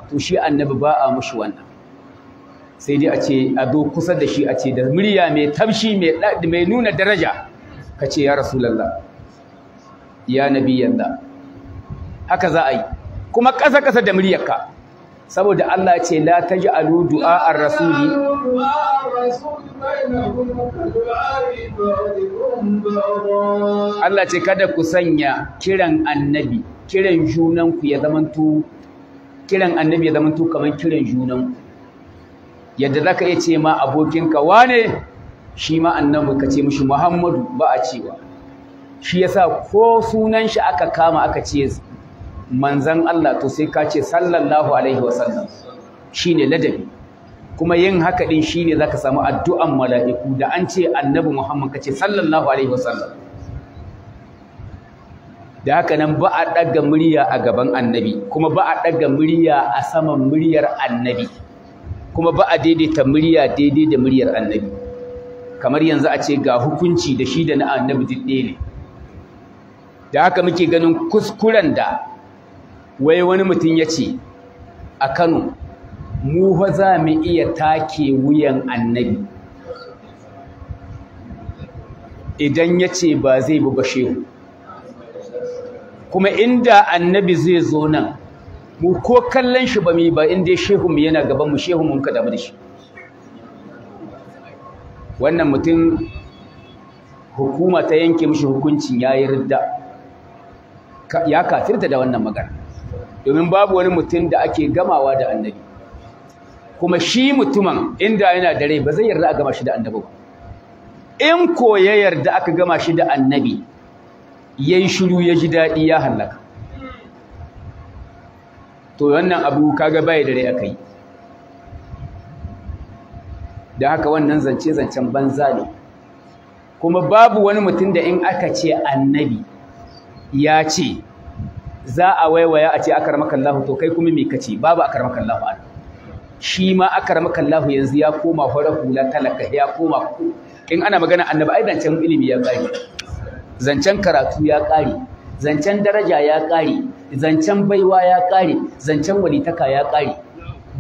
to shi annabi ba a mushi wannan sai dai a ce a zo kusa da shi a ce da murya mai tabshi mai nuna daraja ka ce ya rasulallah ya nabiyallah haka za a yi kuma ƙasa ƙasa da muryarka saboda Allah ce la taj'alu du'a ar-rasuli Allah ce kada ku sanya kiran annabi kiran junanku ya zamanto kiran annabi ya zamanto kaman kiran junanku yadda zaka iya ce ma abokinka wane shi ma annabi ka ce mishi Muhammadu ba a cewa shi yasa ko sunan shi aka kama aka ce manzan Allah to sai ka ce sallallahu alaihi wasallam shine ladabi kuma yin haka din shine zaka samu addu'an mala'iku da an ce annabi Muhammad kace sallallahu alaihi wasallam da haka nan ba a daga murya a gaban annabi kuma ba a daga murya a saman muryar annabi kuma ba a daidaita murya daidai da muryar annabi kamar yanzu a ce ga hukunci da shi da na annabi ɗaya ne da haka muke ganin kuskuren da wai wani mutum ya ce a kano mu fa za mu iya take wuyan annabi idan ya ce ba zai bi shehu kuma inda annabi zai zo nan mu ko kallon shi ba mu yi ba inda mu yana gaban mu mun kada mu da shi wannan mutum hukuma ta yanke mishi hukuncin ya yi ridda ya kafirta da wannan magana domin babu wani mutum da ake gamawa da annabi kuma shi mutumin inda yana da rai ba zai yarda a gama shi da annabi ba in ko ya yarda aka gama shi da annabi ya yi shiru ya ji daɗi ya hallaka to wannan abu kaga bai da rai aka yi da haka wannan zance zancen banza ne kuma babu wani mutum da in aka ce annabi ya ce za a waiwaya a ce akarmakallahu to kai kuma me kace babu akarmakallahu a shi ma akarmakallahu yanzu ya koma fara hula talaka ya koma in ana magana annabi ai zancen ilimi ya kare zancen karatu ya kare zancen daraja ya kare zancen baiwa ya kare zancen walitaka ya kare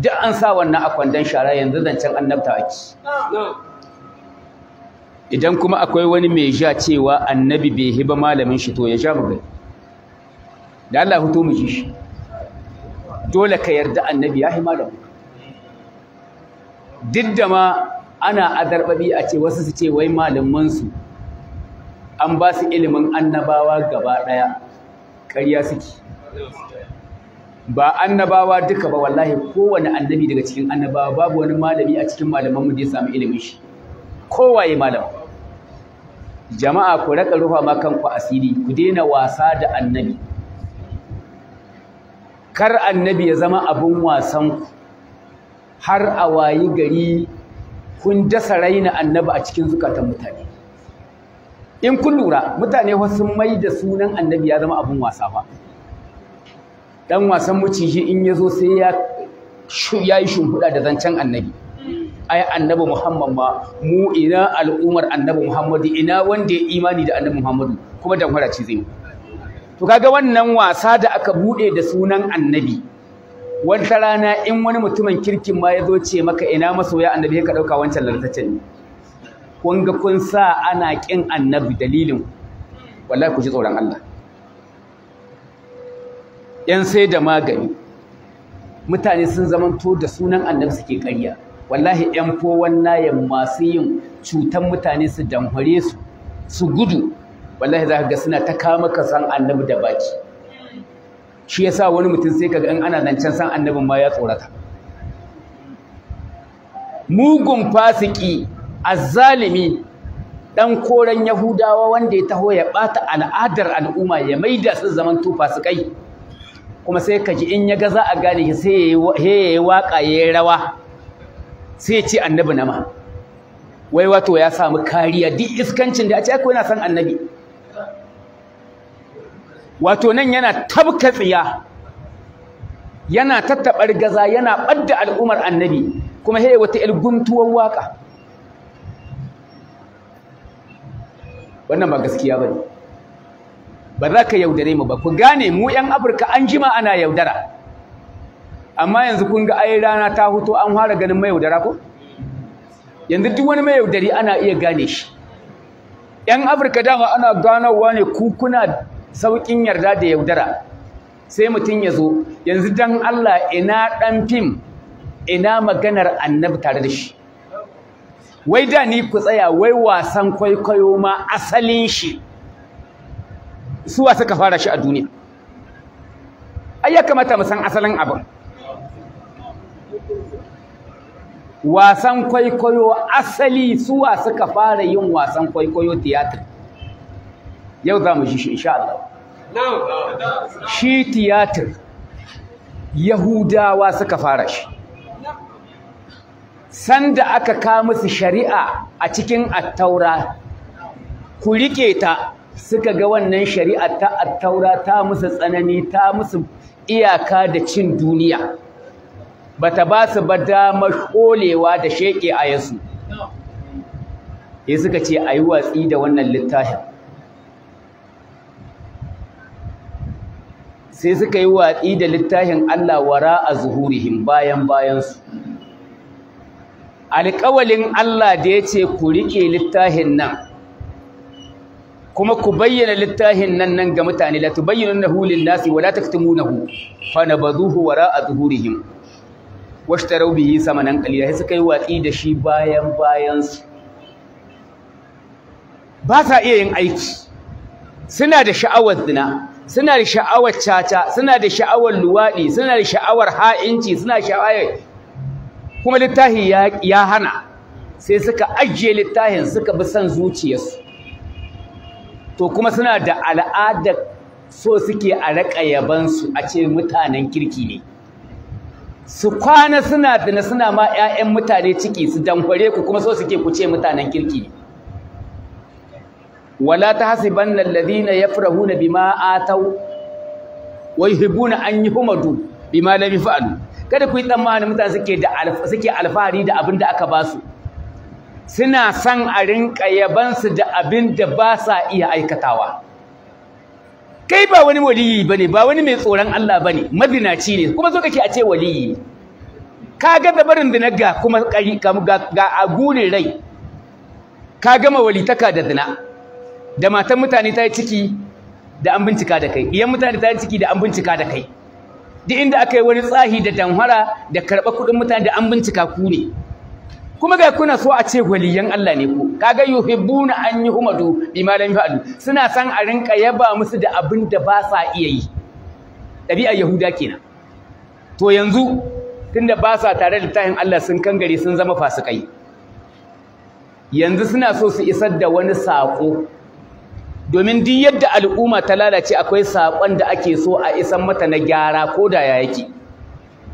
duk an sa wannan a kwandon shara yanzu zancen annabta ake idan kuma akwai wani mai ja cewa annabi bai hiba malamin shi to ya ja bugai da Allah hutu mu ji shi dole ka yarda annabi ya hi malamin duk da ma ana azarbabi a ce wasu su ce wai malamansu an ba su ilimin annabawa gaba ɗaya ƙarya suke ba annabawa duka ba wallahi kowane annabi daga cikin annabawa babu wani malami a cikin malaman mu da ya samu ilimin shi kowaye malam jama'a ku raka rufa ma kanku asiri ku daina wasa da annabi kar annabi ya zama abun wasan ku har a wayi gari kun dasa raina annabi a cikin zukatan mutane in kun lura mutane wasu mai da sunan annabi ya zama abun wasa ba. dan wasan maciji in ya zo sai ya ya yi shimfiɗa da zancen annabi ai annabi muhammad ma mu ina al'ummar annabi muhammadu ina wanda ya imani da annabi muhammadu kuma da ce zai to kaga wannan wasa da aka buɗe da sunan annabi wata rana in wani mutumin kirkin ma ya zo ce maka ina masoya annabi ka ɗauka wancan lalataccen ne kun ga kun sa ana kin annabi dalilin wallahi ku ji tsoron allah 'yan sai da magani mutane sun zamanto da sunan annabi suke ƙarya wallahi 'yan fowan nayan masu yin cutan mutane su damhare su su gudu wallahi za ka ga suna ta kama ka san annabi da baki shi yasa wani mutum sai kaga in ana can san annabin ma ya tsorata mugun fasiki azzalimi dan koren yahudawa wanda ya taho ya bata al'adar al'umma ya maida su zaman to fasikai kuma sai ka ji in ya ga za a gane shi sai ya yi waƙa ya yi rawa sai ya ce annabi nama wai wato ya samu kariya duk iskancin da a ce akwai yana san annabi wato nan yana tabka tsiya yana tattabar gaza yana ɓadda al'ummar annabi kuma sai wata yar guntuwar waƙa wannan ba gaskiya ba ne ba za ka yaudare mu ba ku gane mu 'yan afirka an jima ana yaudara amma yanzu kun ga ai rana ta huto an fara ganin mai yaudara ko yanzu duk wani mai yaudari ana iya gane shi 'yan afirka dama ana ganawa ne ku sauƙin yarda da yaudara sai mutum ya zo yanzu dan Allah ina ɗan fim ina maganar annabi tare da shi wai da ni ku tsaya wai wasan kwaikwayo ma asalin shi suwa suka fara shi a duniya ai ya kamata mu san asalin abin wasan kwaikwayo asali suwa suka fara yin wasan kwaikwayo tiyatar yau za mu ji shi insha Allah shi tiyatar yahudawa suka fara shi sanda aka ka musu shari'a a cikin attaura ku rike ta suka ga wannan shari'a ta attaura ta musu tsanani ta musu iyaka da cin duniya bata ba su ba damar ƙolewa da sheke yasu sai suka ce a yi watsi da wannan littafin sai suka yi watsi da littafin Allah wara a zuhurihim bayan bayansu alƙawalin Allah da ya ce ku riƙe littafin nan kuma ku bayyana littafin nan nan ga mutane la tubayyinunahu lin-nasi wala taktumunahu fa nabadhuhu wara'a zuhurihim washtaraw bihi samanan qalila sai kai yi watsi da shi bayan bayan su ba sa iya yin aiki suna da sha'awar zina suna da sha'awar caca suna da sha'awar luwaɗi suna da sha'awar ha'inci suna sha'awar kuma littafi ya hana sai suka ajiye littafin suka bi son zuciyarsu to kuma suna da al'ada so suke a raka yabansu a ce mutanen kirki ne su kwana suna da suna ma 'ya'yan mutane ciki su damfare ku kuma so suke ku ce mutanen kirki ne wala ta bi ma a bima atau hibu na an yi yuhmadu bima lam yaf'alu kada ku yi tsammanin mutane suke alfahari da abin da aka ba su suna son a rinka yabansu da abin da ba sa iya aikatawa kai ba wani waliyi ba ne ba wani mai tsoron Allah ba ne mazinaci ne kuma zo kake a ce waliyi ka ga dabarin da na ga kuma ga gure rai ka gama walitaka da zina da matan mutane ta yi ciki da an bincika da kai iyan mutane ta yi ciki da an bincika da kai duk inda aka yi wani tsahi da danhara da karɓar kuɗin mutane da an bincika ku ne kuma ga kuna so a ce waliyan Allah ne ku kaga yuhibbuna an yuhmadu bima lam yafalu suna san a rinka yaba musu da abin da ba sa iya yi dabi'a yahuda kenan to yanzu tunda ba sa tare da littafin Allah sun kangare sun zama fasikai yanzu suna so su isar da wani sako domin duk yadda al'umma ta lalace akwai sakon da ake so a isar mata na gyara ko da ya yake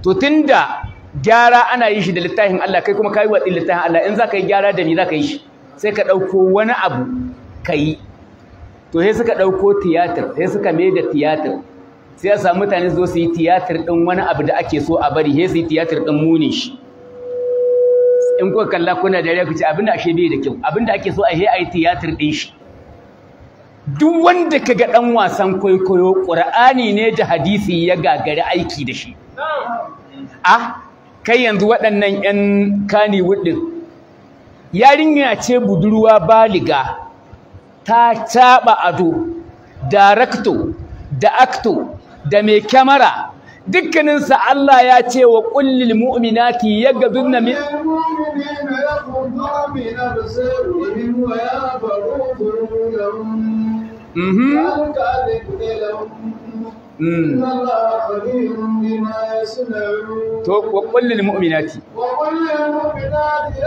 to tunda gyara ana yi shi da littafin Allah kai kuma kai wa littafin Allah in zaka yi gyara da ni zaka yi shi sai ka dauko wani abu kai to sai suka dauko tiyatar sai suka mai da tiyatar sai a samu mutane zo su yi tiyatar din wani abu da ake so a bari sai su yi theater din munin shi in kuka kalla kuna rai ku ce abinda ashe bai da kyau abinda ake so a yi ai tiyatar din shi duk wanda kaga dan wasan kwaikwayo qur'ani ne da hadisi ya gagari aiki da shi ah kai yanzu waɗannan 'yan kani ɗin yarinya ce budurwa baliga ta caɓa ado darakto da akto da mai kyamara dukkaninsa Allah ya ce wa yi, mu'minati yagadunna min Mhm. Mm. To, kwakwallin mu'minati. Kwakwallin mu'minati,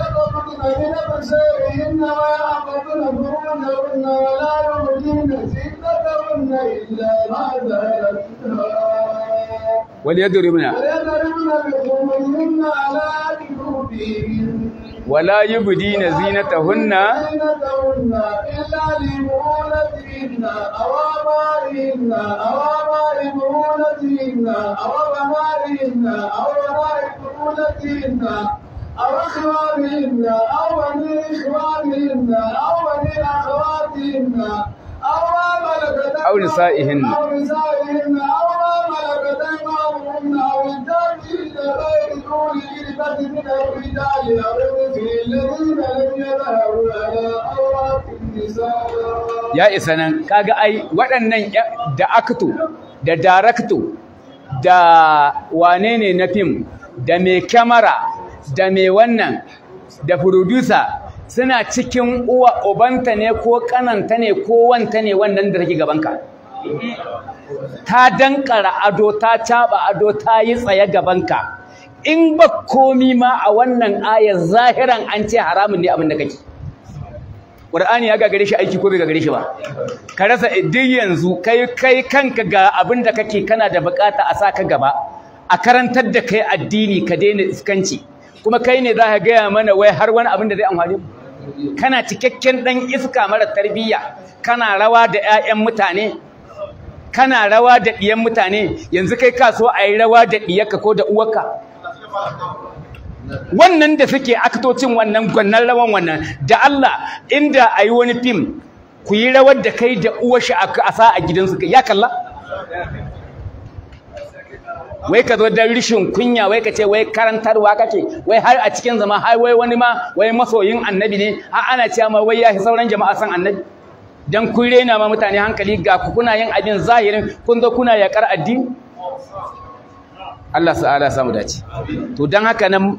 ya ولا يبدين زينتهن إلا لبعولتهن أو آبائهن أو آباء بعولتهن أو أبنائهن أو أبناء بعولتهن أو إخوانهن أو بني إخوانهن أو بني أخواتهن أو نسائهن ya isa nan kaga ai waɗannan da da darakto da wane na fim da mai kyamara da mai wannan da furodusa suna cikin uwa ubanta ne ko kananta ne ko wanta ne wannan da take gabanka ta dankara ado ta caba ado ta yi tsaye gabanka in ba komi ma a wannan ayar zahiran an ce haramun ne abin da kake Qur'ani ya gagare shi aiki ko bai gagare shi ba ka rasa duk yanzu kai kai kanka ga abin da kake kana da bukata a saka gaba a karantar da kai addini ka daina iskanci kuma kai ne za ka gaya mana wai har wani abin da zai amfani mu kana cikakken dan iska mara tarbiyya kana rawa da ƴaƴan mutane kana rawa da ɗiyan mutane yanzu kai ka so a yi rawa da ɗiyarka ko da uwarka wannan da suke aktocin wannan gwannan rawan wannan da Allah inda a yi wani fim ku yi rawar da kai da uwar shi a sa a gidansu ya kalla wai ka zo dan rishin kunya wai ka ce wai karantarwa kake wai har a cikin zama har wai wani ma wai masoyin annabi ne har ana cewa ma wai fi sauran jama'a san annabi dan kun rena ma mutane hankali ga ku kuna yin abin zahirin kun zo kuna yakar addini Allah ala samu dace to dan haka nan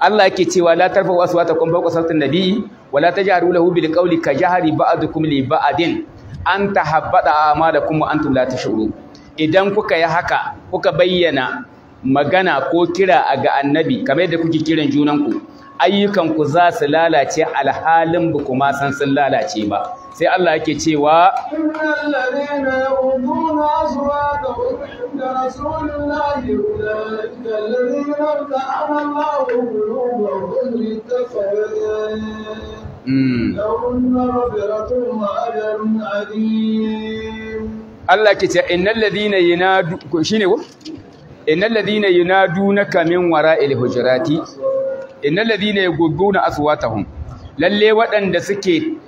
Allah yake cewa la tarfa wata kun sawtin sautin nabi Wala tajharu lahu bil qawli ka jahri ba'dukum li ba'din an tahabbata a'malakum wa antum la tashurun idan kuka yi haka kuka bayyana magana ko kira a ga annabi kamar yadda kuke kiran junanku ayyukanku za su lalace alhalin ba kuma san sun lalace ba sai Allah yake cewa Mm. Allah ke ce innal ladina yunadu shine ko innal ladina yunadunaka min wara'il hujurati innal ladina yagudduna aswatahum lalle waɗanda suke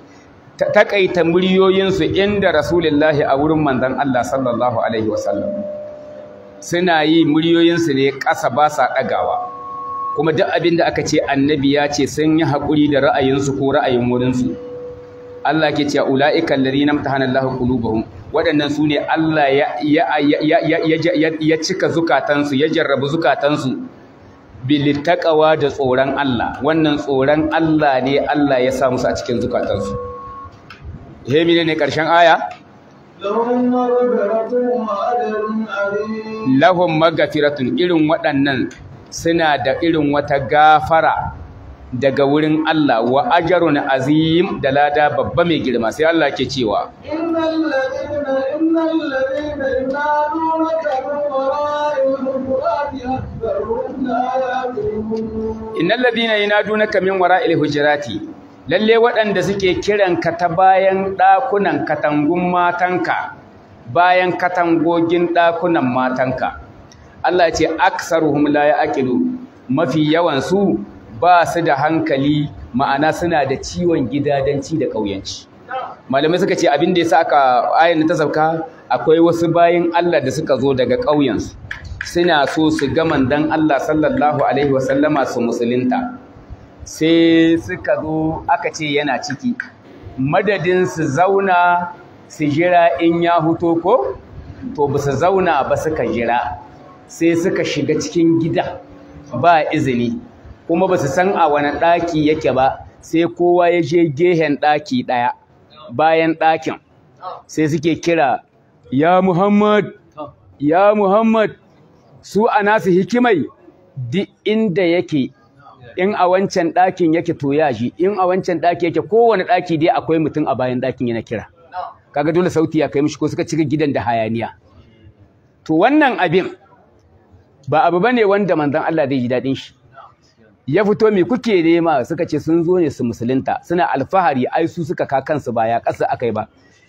takaita muryoyinsu inda rasulullahi a wurin manzon Allah sallallahu alaihi wasallam suna yi muryoyinsu ne kasa ba sa dagawa kuma duk abin da aka ce annabi ya ce sun yi hakuri da ra'ayinsu ko ra'ayin wurinsu Allah ke ce ula'ika alladhina imtahana Allahu qulubuhum waɗannan su ne Allah ya cika zukatansu ya jarrabu zukatansu bilitaƙawa da tsoron Allah wannan tsoron Allah ne Allah ya sa musu a cikin zukatansu hemi ne ƙarshen aya lahon magafiratun irin waɗannan suna da irin wata gafara daga wurin Allah wa ajarun azim da lada babba mai girma sai Allah ke cewa innal ladina ka min wara'il hujurati lalle waɗanda suke kiran ka ta bayan ɗakunan katangun matanka bayan katangogin ɗakunan matanka Allah ce aksaruhum la yaqilu mafi yawan su ba su da hankali ma'ana suna da ciwon gidadanci da ƙauyanci malamai suka ce abin da ya sa aka ayyana ta sauka akwai wasu bayan Allah da suka zo daga ƙauyensu suna so su ga mandan Allah sallallahu alaihi wasallama su musulunta sai suka zo aka ce yana ciki madadin su zauna su jira in ya huto ko to ba su zauna ba suka jira sai suka shiga cikin gida ba izini kuma ba su san a wani ɗaki yake ba sai kowa ya je gehen ɗaki ɗaya bayan ɗakin sai suke kira ya muhammad ya muhammad su a nasu hikimai duk inda yake in a wancan ɗakin yake to ya ji in a wancan ɗaki yake kowane ɗaki dai akwai mutum a bayan ɗakin yana kira kaga dole sauti ya kai mishi ko suka cika gidan da hayaniya to wannan abin ba abu bane wanda manzon Allah zai ji daɗin shi ya fito me kuke nema suka ce sun zo ne su musulunta suna alfahari ai su suka ka kansu ba ya kasa akai ba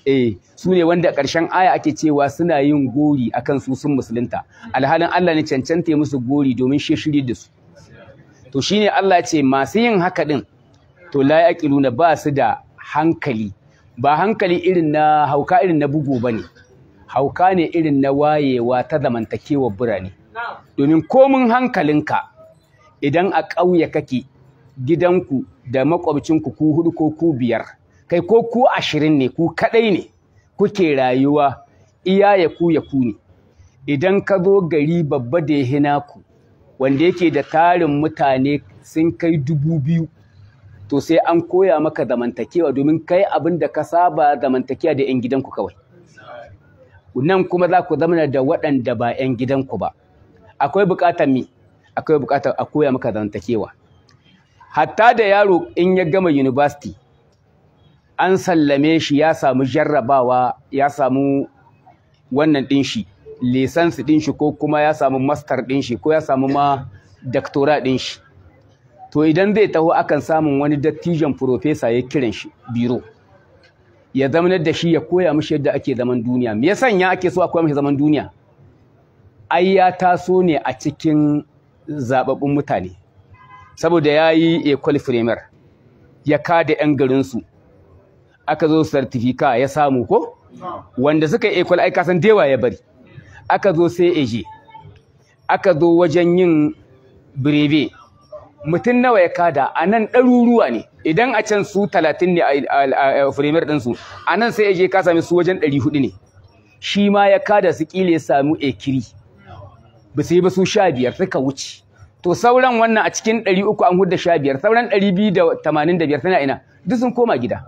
eh su ne wanda ƙarshen aya ake cewa suna yin gori akan su sun musulunta alhalin Allah ne cancanta musu gori domin shi shirye da su to shine Allah ce masu yin haka din to la yaqiluna ba su da hankali ba hankali irin na hauka irin na bugu bane hauka ne irin na wayewa ta zamantakewa birane domin komin hankalinka idan a ƙauye kake gidanku da makwabcinku ku hudu ko ku biyar kai ko ku ashirin ne ku kaɗai ne kuke rayuwa iya ya ku ya ku ne idan ka zo gari babba da ya hina ku wanda yake da tarin mutane sun kai dubu biyu to sai an koya maka zamantakewa domin kai abin da ka saba zamantakewa da 'yan gidanku kawai nan kuma za ku zama da waɗanda ba 'yan gidanku ba akwai buƙatar mi akwai buƙatar a koya maka zantakewa hatta da yaro in ya gama university an sallame shi ya samu jarrabawa ya samu wannan din shi lisansi ɗinshi shi ko kuma ya samu master din shi ko ya samu ma doctora din shi to idan zai taho akan samun wani dattijan profesa ya kiran shi biro ya zamanar da shi ya koya mishi yadda ake zaman duniya me ya sanya ake so a koya mishi zaman duniya ai ya taso ne a cikin zababbun mutane saboda ya yi ecole primaire ya kada 'yan garinsu aka zo certifica ya samu ko wanda suka ecole ai kasan dewa ya bari aka zo sai eje aka zo wajen yin birebe. mutum nawa ya kada a nan ɗaruruwa ne idan a can su talatin ne a firimiyar ɗinsu a nan sai eje ka sami su wajen ɗari hudu ne shi ma ya kada su ya samu ekiri ba su yi ba su sha biyar suka wuce to sauran wannan a cikin ɗari uku an hudda sha biyar sauran ɗari biyu da tamanin da biyar tana ina duk sun koma gida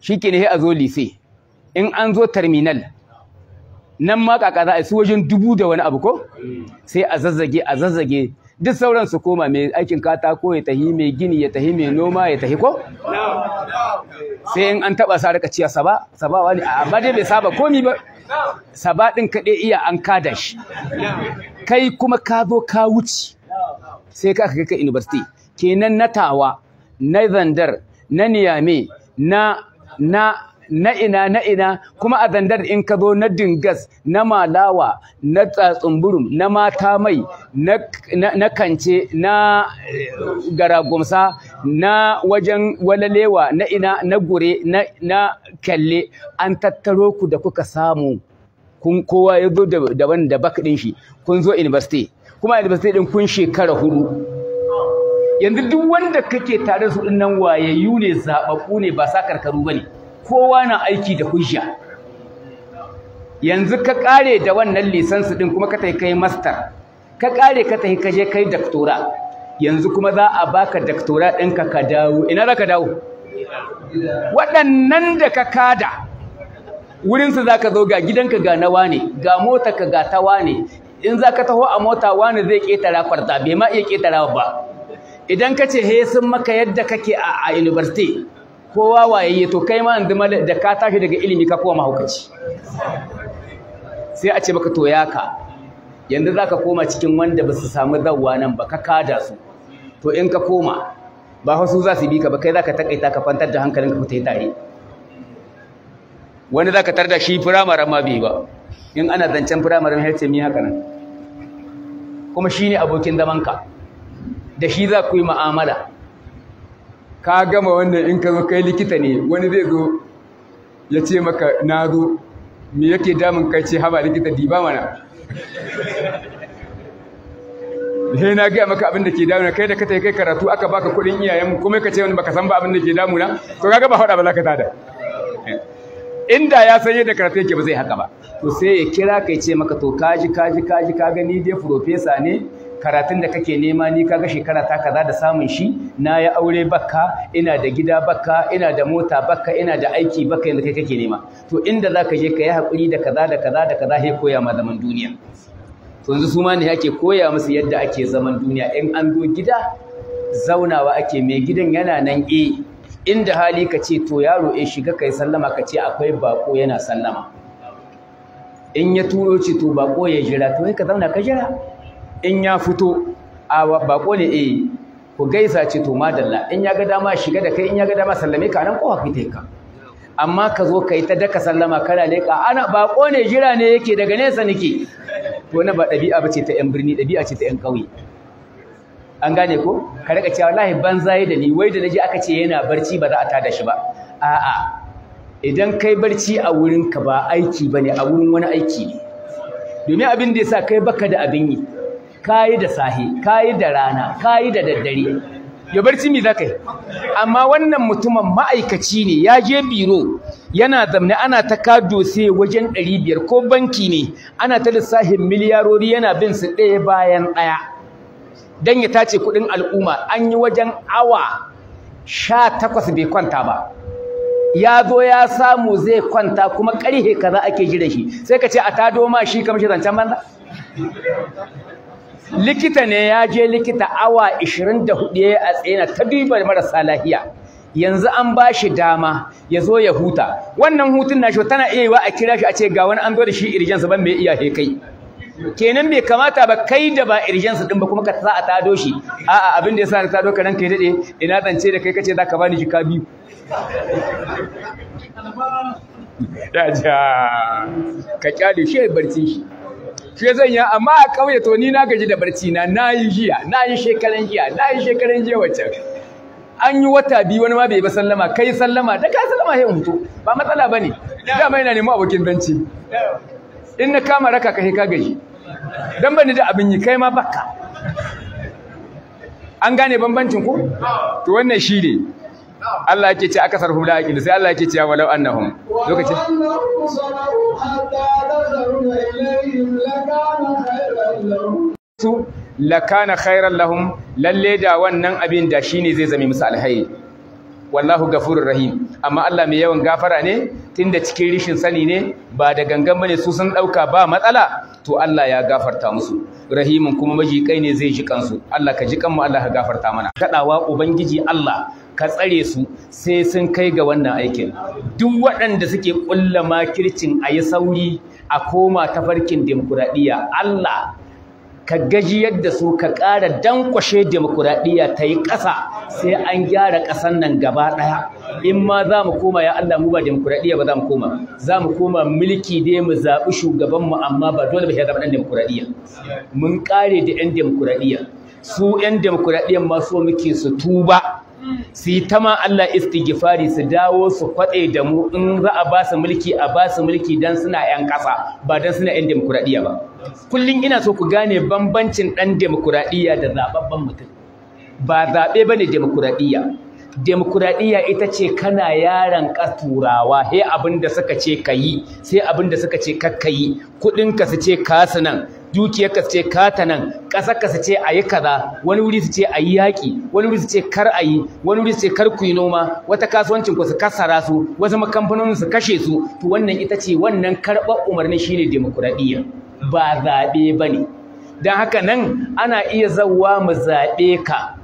shi ke ne a zo lise in an zo terminal nan ma kaka za a su wajen dubu da wani abu ko sai a zazzage a zazzage duk sauran su koma mai aikin katako ya tahi mai gini ya tahi mai noma ya tahi ko sai in an taba sa rika ciya saba ne a amma dai bai saba komi ba saba ɗin kaɗai iya an kada shi kai kuma ka zo ka wuce sai ka aka kai university kenan na tawa na zandar na niyame na na na ina na ina kuma a zandar in ka zo na dingas na malawa na tsatsumburum na mata mai na kance na eh, garagumsa na wajen walalewa na ina na gure na kyalle an tattaro ku da kuka samu kun kowa ya zo daban da ɗin shi kun zo university kuma university ɗin kun shekara hudu yanzu duk wanda kake tare su ɗin nan wayayyu ne zaɓaɓɓu ne ba sa karkaru ba ne kowa na aiki da hujja yanzu ka kare da wannan lisansu din kuma ka tafi kai master ka kare ka tafi ka je kai doctora yanzu kuma za a baka doctora ɗinka ka dawo ina za ka dawo waɗannan da ka kada wurinsu za ka zo ga gidanka ga nawa ne ga ka ga ta ne in za ka taho a mota wani zai ƙetara kwarta bai ma iya ƙetarawa ba idan ka ce he sun maka yadda kake a university kowa wayayye to kai ma yanzu da ka tashi daga ilimi ka koma mahaukaci sai a ce maka to yaka yanzu za ka koma cikin wanda ba su samu zawwa nan ba ka kada su to in ka koma ba wasu za su bi ka ba kai za ka takaita ka fantar da hankalin ka fita tare wani za ka tarda shi firamaren ma bai ba in ana zancen firamaren har ce mi haka nan kuma shi ne abokin zamanka da shi za ku yi ma'amala ka gama wannan in ka zo kai likita ne wani zai zo ya ce maka na zo me yake damun kai ce haba likita diba mana he na gaya maka abin da ke damuna kai da ka kai karatu aka baka kuɗin iyayen kuma ka ce wani baka san ba abin da ke damuna to kaga ba faɗa ba za ka tada inda ya san yadda karatu yake ba zai haka ba to sai ya kira kai ce maka to kaji kaji kaji ka gani dai profesa ne karatun da kake nema ni kaga shekara ta kaza da samun shi na ya aure bakka ina da gida bakka ina da mota bakka ina da aiki bakka yanzu kai kake nema to inda zaka je ka yi hakuri da kaza da kaza da kaza he koya ma zaman duniya to yanzu su ma ne ake koya musu yadda ake zaman duniya in an zo gida zaunawa ake mai gidan yana nan e inda hali ka ce to yaro e shiga kai sallama ka ce akwai bako yana sallama in ya turo ce to bako ya jira to kai ka zauna ka jira in ya fito a bako ne eh ku gaisa ce to madalla in ya ga dama shiga da kai in ya ga dama sallame ka nan kofa kai ka amma ka zo ka ta daka sallama kana ka ana bako ne jira ne yake daga nesa nake to na ba ɗabi'a bace ta 'yan birni ɗabi'a ce ta 'yan ƙauye an gane ko ka rika cewa wallahi banza da ni wai da naji aka ce yana barci ba za a tada shi ba a'a idan kai barci a wurinka ba aiki bane a wurin wani aiki ne domin abin da yasa kai baka da abin yi kayi da sahi kayi da rana kayi da daddare ya barci mi zakai amma wannan mutumin ma'aikaci ne ya je biro yana zamne ana ta ka sai wajen 500 ko banki ne ana ta lissahin miliyarori yana bin su ɗaya bayan ɗaya dan ya tace kuɗin al'umma an yi wajen awa 18 bai kwanta ba ya zo ya samu zai kwanta kuma ƙarhe kaza ake jira shi sai ka ce a tado ma shi kamar shi zancen banza likita ne ya je likita awa 24 yi a tsena ta duba marasa lahiya. yanzu an ba shi dama ya zo ya huta wannan hutun nashi tana iya yiwa a kira shi a ce ga wani an zo da shi irjansa ban mai iya he kai kenan bai kamata ba kai da ba irjansa din ba kuma ka sa a tado shi a'a abin da sa na tado ka ranka ya dade ina zance da kai kace ka bani jika biyu daja ka kyale shi barci shi shi zan yi amma a ƙauye to ni na gaji da barci na na yi jiya na yi shekaran jiya na yi shekaran jiya wacce an yi wata biyu wani ma bai ba sallama kai sallama da ka sallama sai mutu ba matsala bane mai na nemo abokin banci in na kama raka ka ka gaji dan bani da abin yi kai ma baka an gane bambancin ku to wannan shi ne Allah yake ce akasar hum la aqilu sai Allah yake ce walau annahum lokacin su lakana khairan lahum lalle da wannan abin da shine zai zame musu alheri wallahu gafurur rahim amma Allah mai yawan gafara ne tunda cikin rishin sani ne ba da gangan bane su sun dauka ba matsala to Allah ya gafarta musu Rahimun kuma majikai ne zai ji kansu Allah ka ji kanmu Allah ka gafarta mana kadawa ubangiji Allah ka tsare su sai sun kai ga wannan aikin duk waɗanda suke ƙulla makircin a yi sauri a koma ta farkin demokuraɗiyya Allah ka gajiyar da su ka ƙara dankwashe demokuraɗiyya ta yi ƙasa sai an gyara ƙasan nan gaba ɗaya in ma za mu koma ya Allah mu ba demokuraɗiyya ba za mu koma za mu koma mulki dai mu zaɓi shugabanmu amma ba dole ba shi zaɓi ɗan demokuraɗiyya mun ƙare da ƴan demokuraɗiyya su ƴan demokuraɗiyyan ma so muke su tuba su yi ta ma Allah istighfari su dawo su kwatse da mu in za a ba su mulki a ba su mulki dan suna yan ƙasa ba dan suna yan demokuraɗiyya ba kullum ina so ku gane bambancin ɗan demokuraɗiyya da zaɓaɓɓen mutum ba zaɓe ba ne demokuraɗiyya demokuraɗiyya ita ce kana yaran turawa he abin da suka ce ka yi sai abin da suka ce kakka yi kuɗinka su ce kasu nan dukiyarka su ce kata nan ƙasarka su ce a yi kaza wani wuri su ce a yi yaƙi wani wuri su ce kar a yi wani wuri su ce kar ku yi noma wata kasuwancin ku su kasara su wasu makamfanonin su kashe su to wannan ita ce wannan karɓar umarni shine demokuraɗiyya ba zaɓe ba ne don haka nan ana iya zawa mu zaɓe ka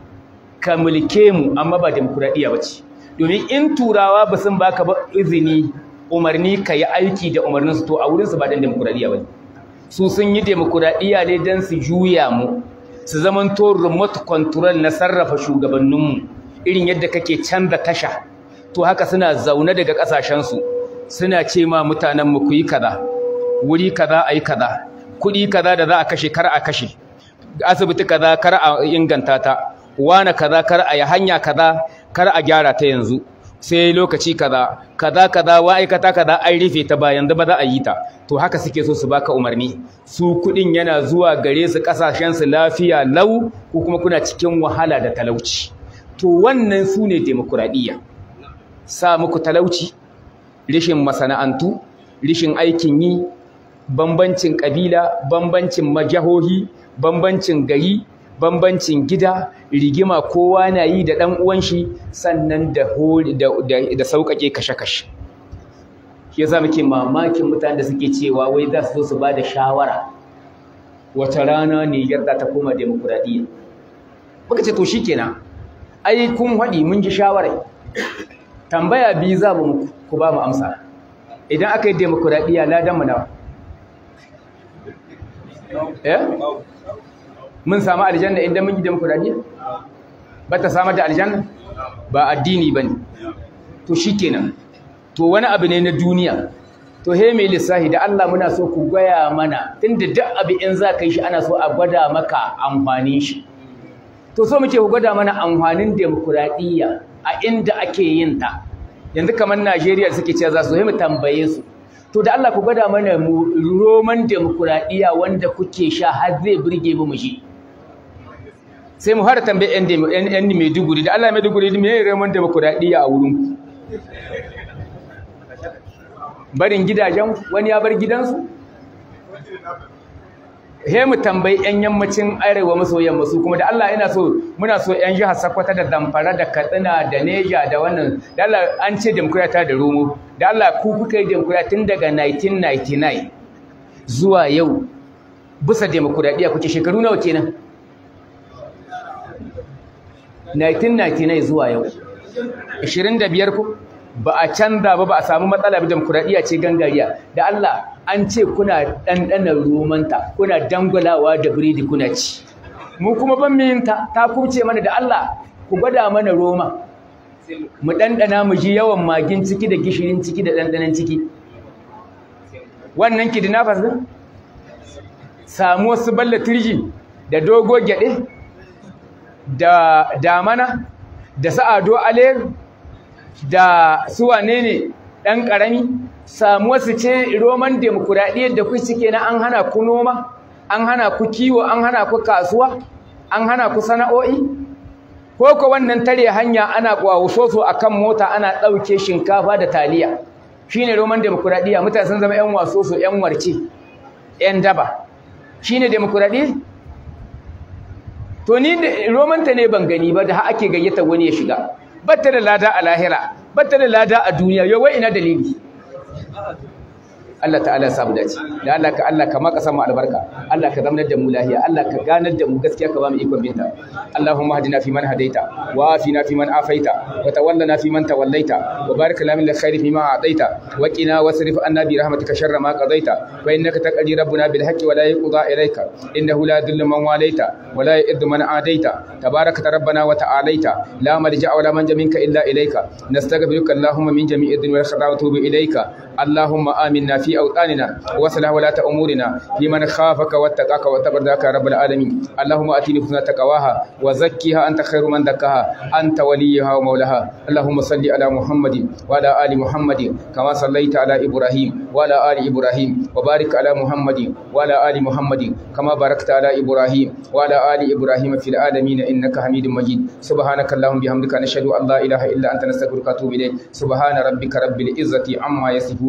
ka mulke mu amma ba demokuraɗiyya ba ce domin in turawa ba sun baka ba izini umarni ka yi aiki da umarninsu to a wurinsu ba ɗan demokuraɗiyya ba ne su sun yi demokuraɗiyya ne don su juya mu su zaman to remote control na sarrafa shugabanninmu irin yadda kake canza tasha to haka suna zaune daga ƙasashensu suna ce ma mutanenmu ku yi kaza wuri kaza a yi kaza kuɗi kaza da za a kashe kar a kashe asibiti kaza kar a inganta ta wane kaza kar a yi hanya kaza kar a gyara ta yanzu sai lokaci kaza kaza kaza wa'aikata kaza an rufe ta ba yanzu ba za a yi ta to haka suke so su baka umarni su kudin yana zuwa gare su kasashen su lafiya lau ko kuma kuna cikin wahala da talauci to wannan su ne demokuraɗiyya sa muku talauci rishin masana'antu rishin aikin yi bambancin kabila bambancin majahohi bambancin gari bambancin gida rigima kowa na yi da ɗan uwan sannan da da sauƙaƙe kashe-kashe shi yasa muke mamakin mutanen da suke cewa wai za su zo su ba da shawara wata rana ne yarda ta koma demokuraɗiyya muka ce to shikenan ai kun haɗi mun ji shawarai tambaya biyu za mu ku ba mu amsa idan aka yi demokuraɗiyya ladan mu nawa eh? mun samu aljanna idan mun gida muku dariya ba ta samar da aljanna ba addini ba ne to shi kenan to wani abu ne na duniya to he mai lissahi da Allah muna so ku gwaya mana tunda duk abu in za ka yi shi ana so a gwada maka amfanin shi to so muke ku gwada mana amfanin demokuraɗiyya a inda ake yin ta yanzu kamar Najeriya suke cewa za su he mu tambaye su to da Allah ku gwada mana mu roman demokuraɗiyya wanda kuke sha har zai burge mu mu shi sai mu fara tambaye yan mai Maiduguri da Allah Maiduguri da ne Raymond demokradiya a wurin barin gidajen wani ya bar gidansu he mu tambayi yan yammacin arewa maso yamma su kuma da Allah ina so muna so yan jihar Sokoto da Zamfara da Katsina da Neja da wannan da Allah an ce ta da Romo da Allah ku kuka yi demokrata tun daga 1999 zuwa yau bisa demokradiya kuke shekaru nawa kenan 1999 zuwa yau 25 ku ba a canza ba ba a samu matsala ba demokuraɗiyya ce gangariya da Allah an ce kuna ɗanɗanar romanta kuna dangulawa da biredi kuna ci mu kuma ban miyinta ta kuce mana da Allah ku gwada mana roma mu ɗanɗana mu ji yawan magin ciki da gishirin ciki da ɗanɗanan ciki wannan kidnappers din samu wasu balla da dogo gyaɗe da damana da sa'ado aleru da su wane ne ɗan ƙarami wasu ce roman demokuraɗiyyar da ku cike na an hana ku noma an hana ku kiwo an hana ku kasuwa an hana ku sana'o'i ko ko wannan tare hanya ana kwawo a kan mota ana ɗauke shinkafa da taliya shine roman demokuraɗiyya mutane sun zama 'yan wasoso 'yan warce 'yan daba shine demokuraɗiyya to ni romanta ne ban gani ba da har ake gayyata wani ya shiga batta da lada a lahira batta da lada a duniya yau wai ina dalili Allah ta'ala ya samu dace da Allah ka Allah ka maka albarka Allah ka zamanar da mu lahiya Allah ka ganar da mu gaskiya ka ba mu ikon binta Allahumma hadina fi man hadaita wa afina fi man afaita wa tawallana fi man tawallaita wa barik lana min alkhairi fi ma ataita wa qina wasrif anna bi rahmatika sharra ma qadaita fa innaka taqdi rabbuna bil haqqi wa la yuqda ilayka innahu la yadhillu man walaita wa la yadhillu man adaita tabarakta rabbana wa ta'alaita la malja'a wa la manja minka illa ilayka nastaghfiruka Allahumma min jami'i dhin wal khada'a wa tubu ilayka اللهم آمنا في أوطاننا وصلح ولاة أمورنا لمن خافك واتقاك وتبرداك رب العالمين اللهم آتي نفوسنا تقواها وزكيها أنت خير من دكاها أنت وليها ومولاها اللهم صل على محمد وعلى آل محمد كما صليت على إبراهيم وعلى آل إبراهيم وبارك على محمد وعلى آل محمد كما باركت على إبراهيم وعلى آل إبراهيم في العالمين إنك حميد مجيد سبحانك اللهم بحمدك نشهد أن لا إله إلا أنت نستغفرك ونتوب إليك سبحان ربك رب العزة عما يصفون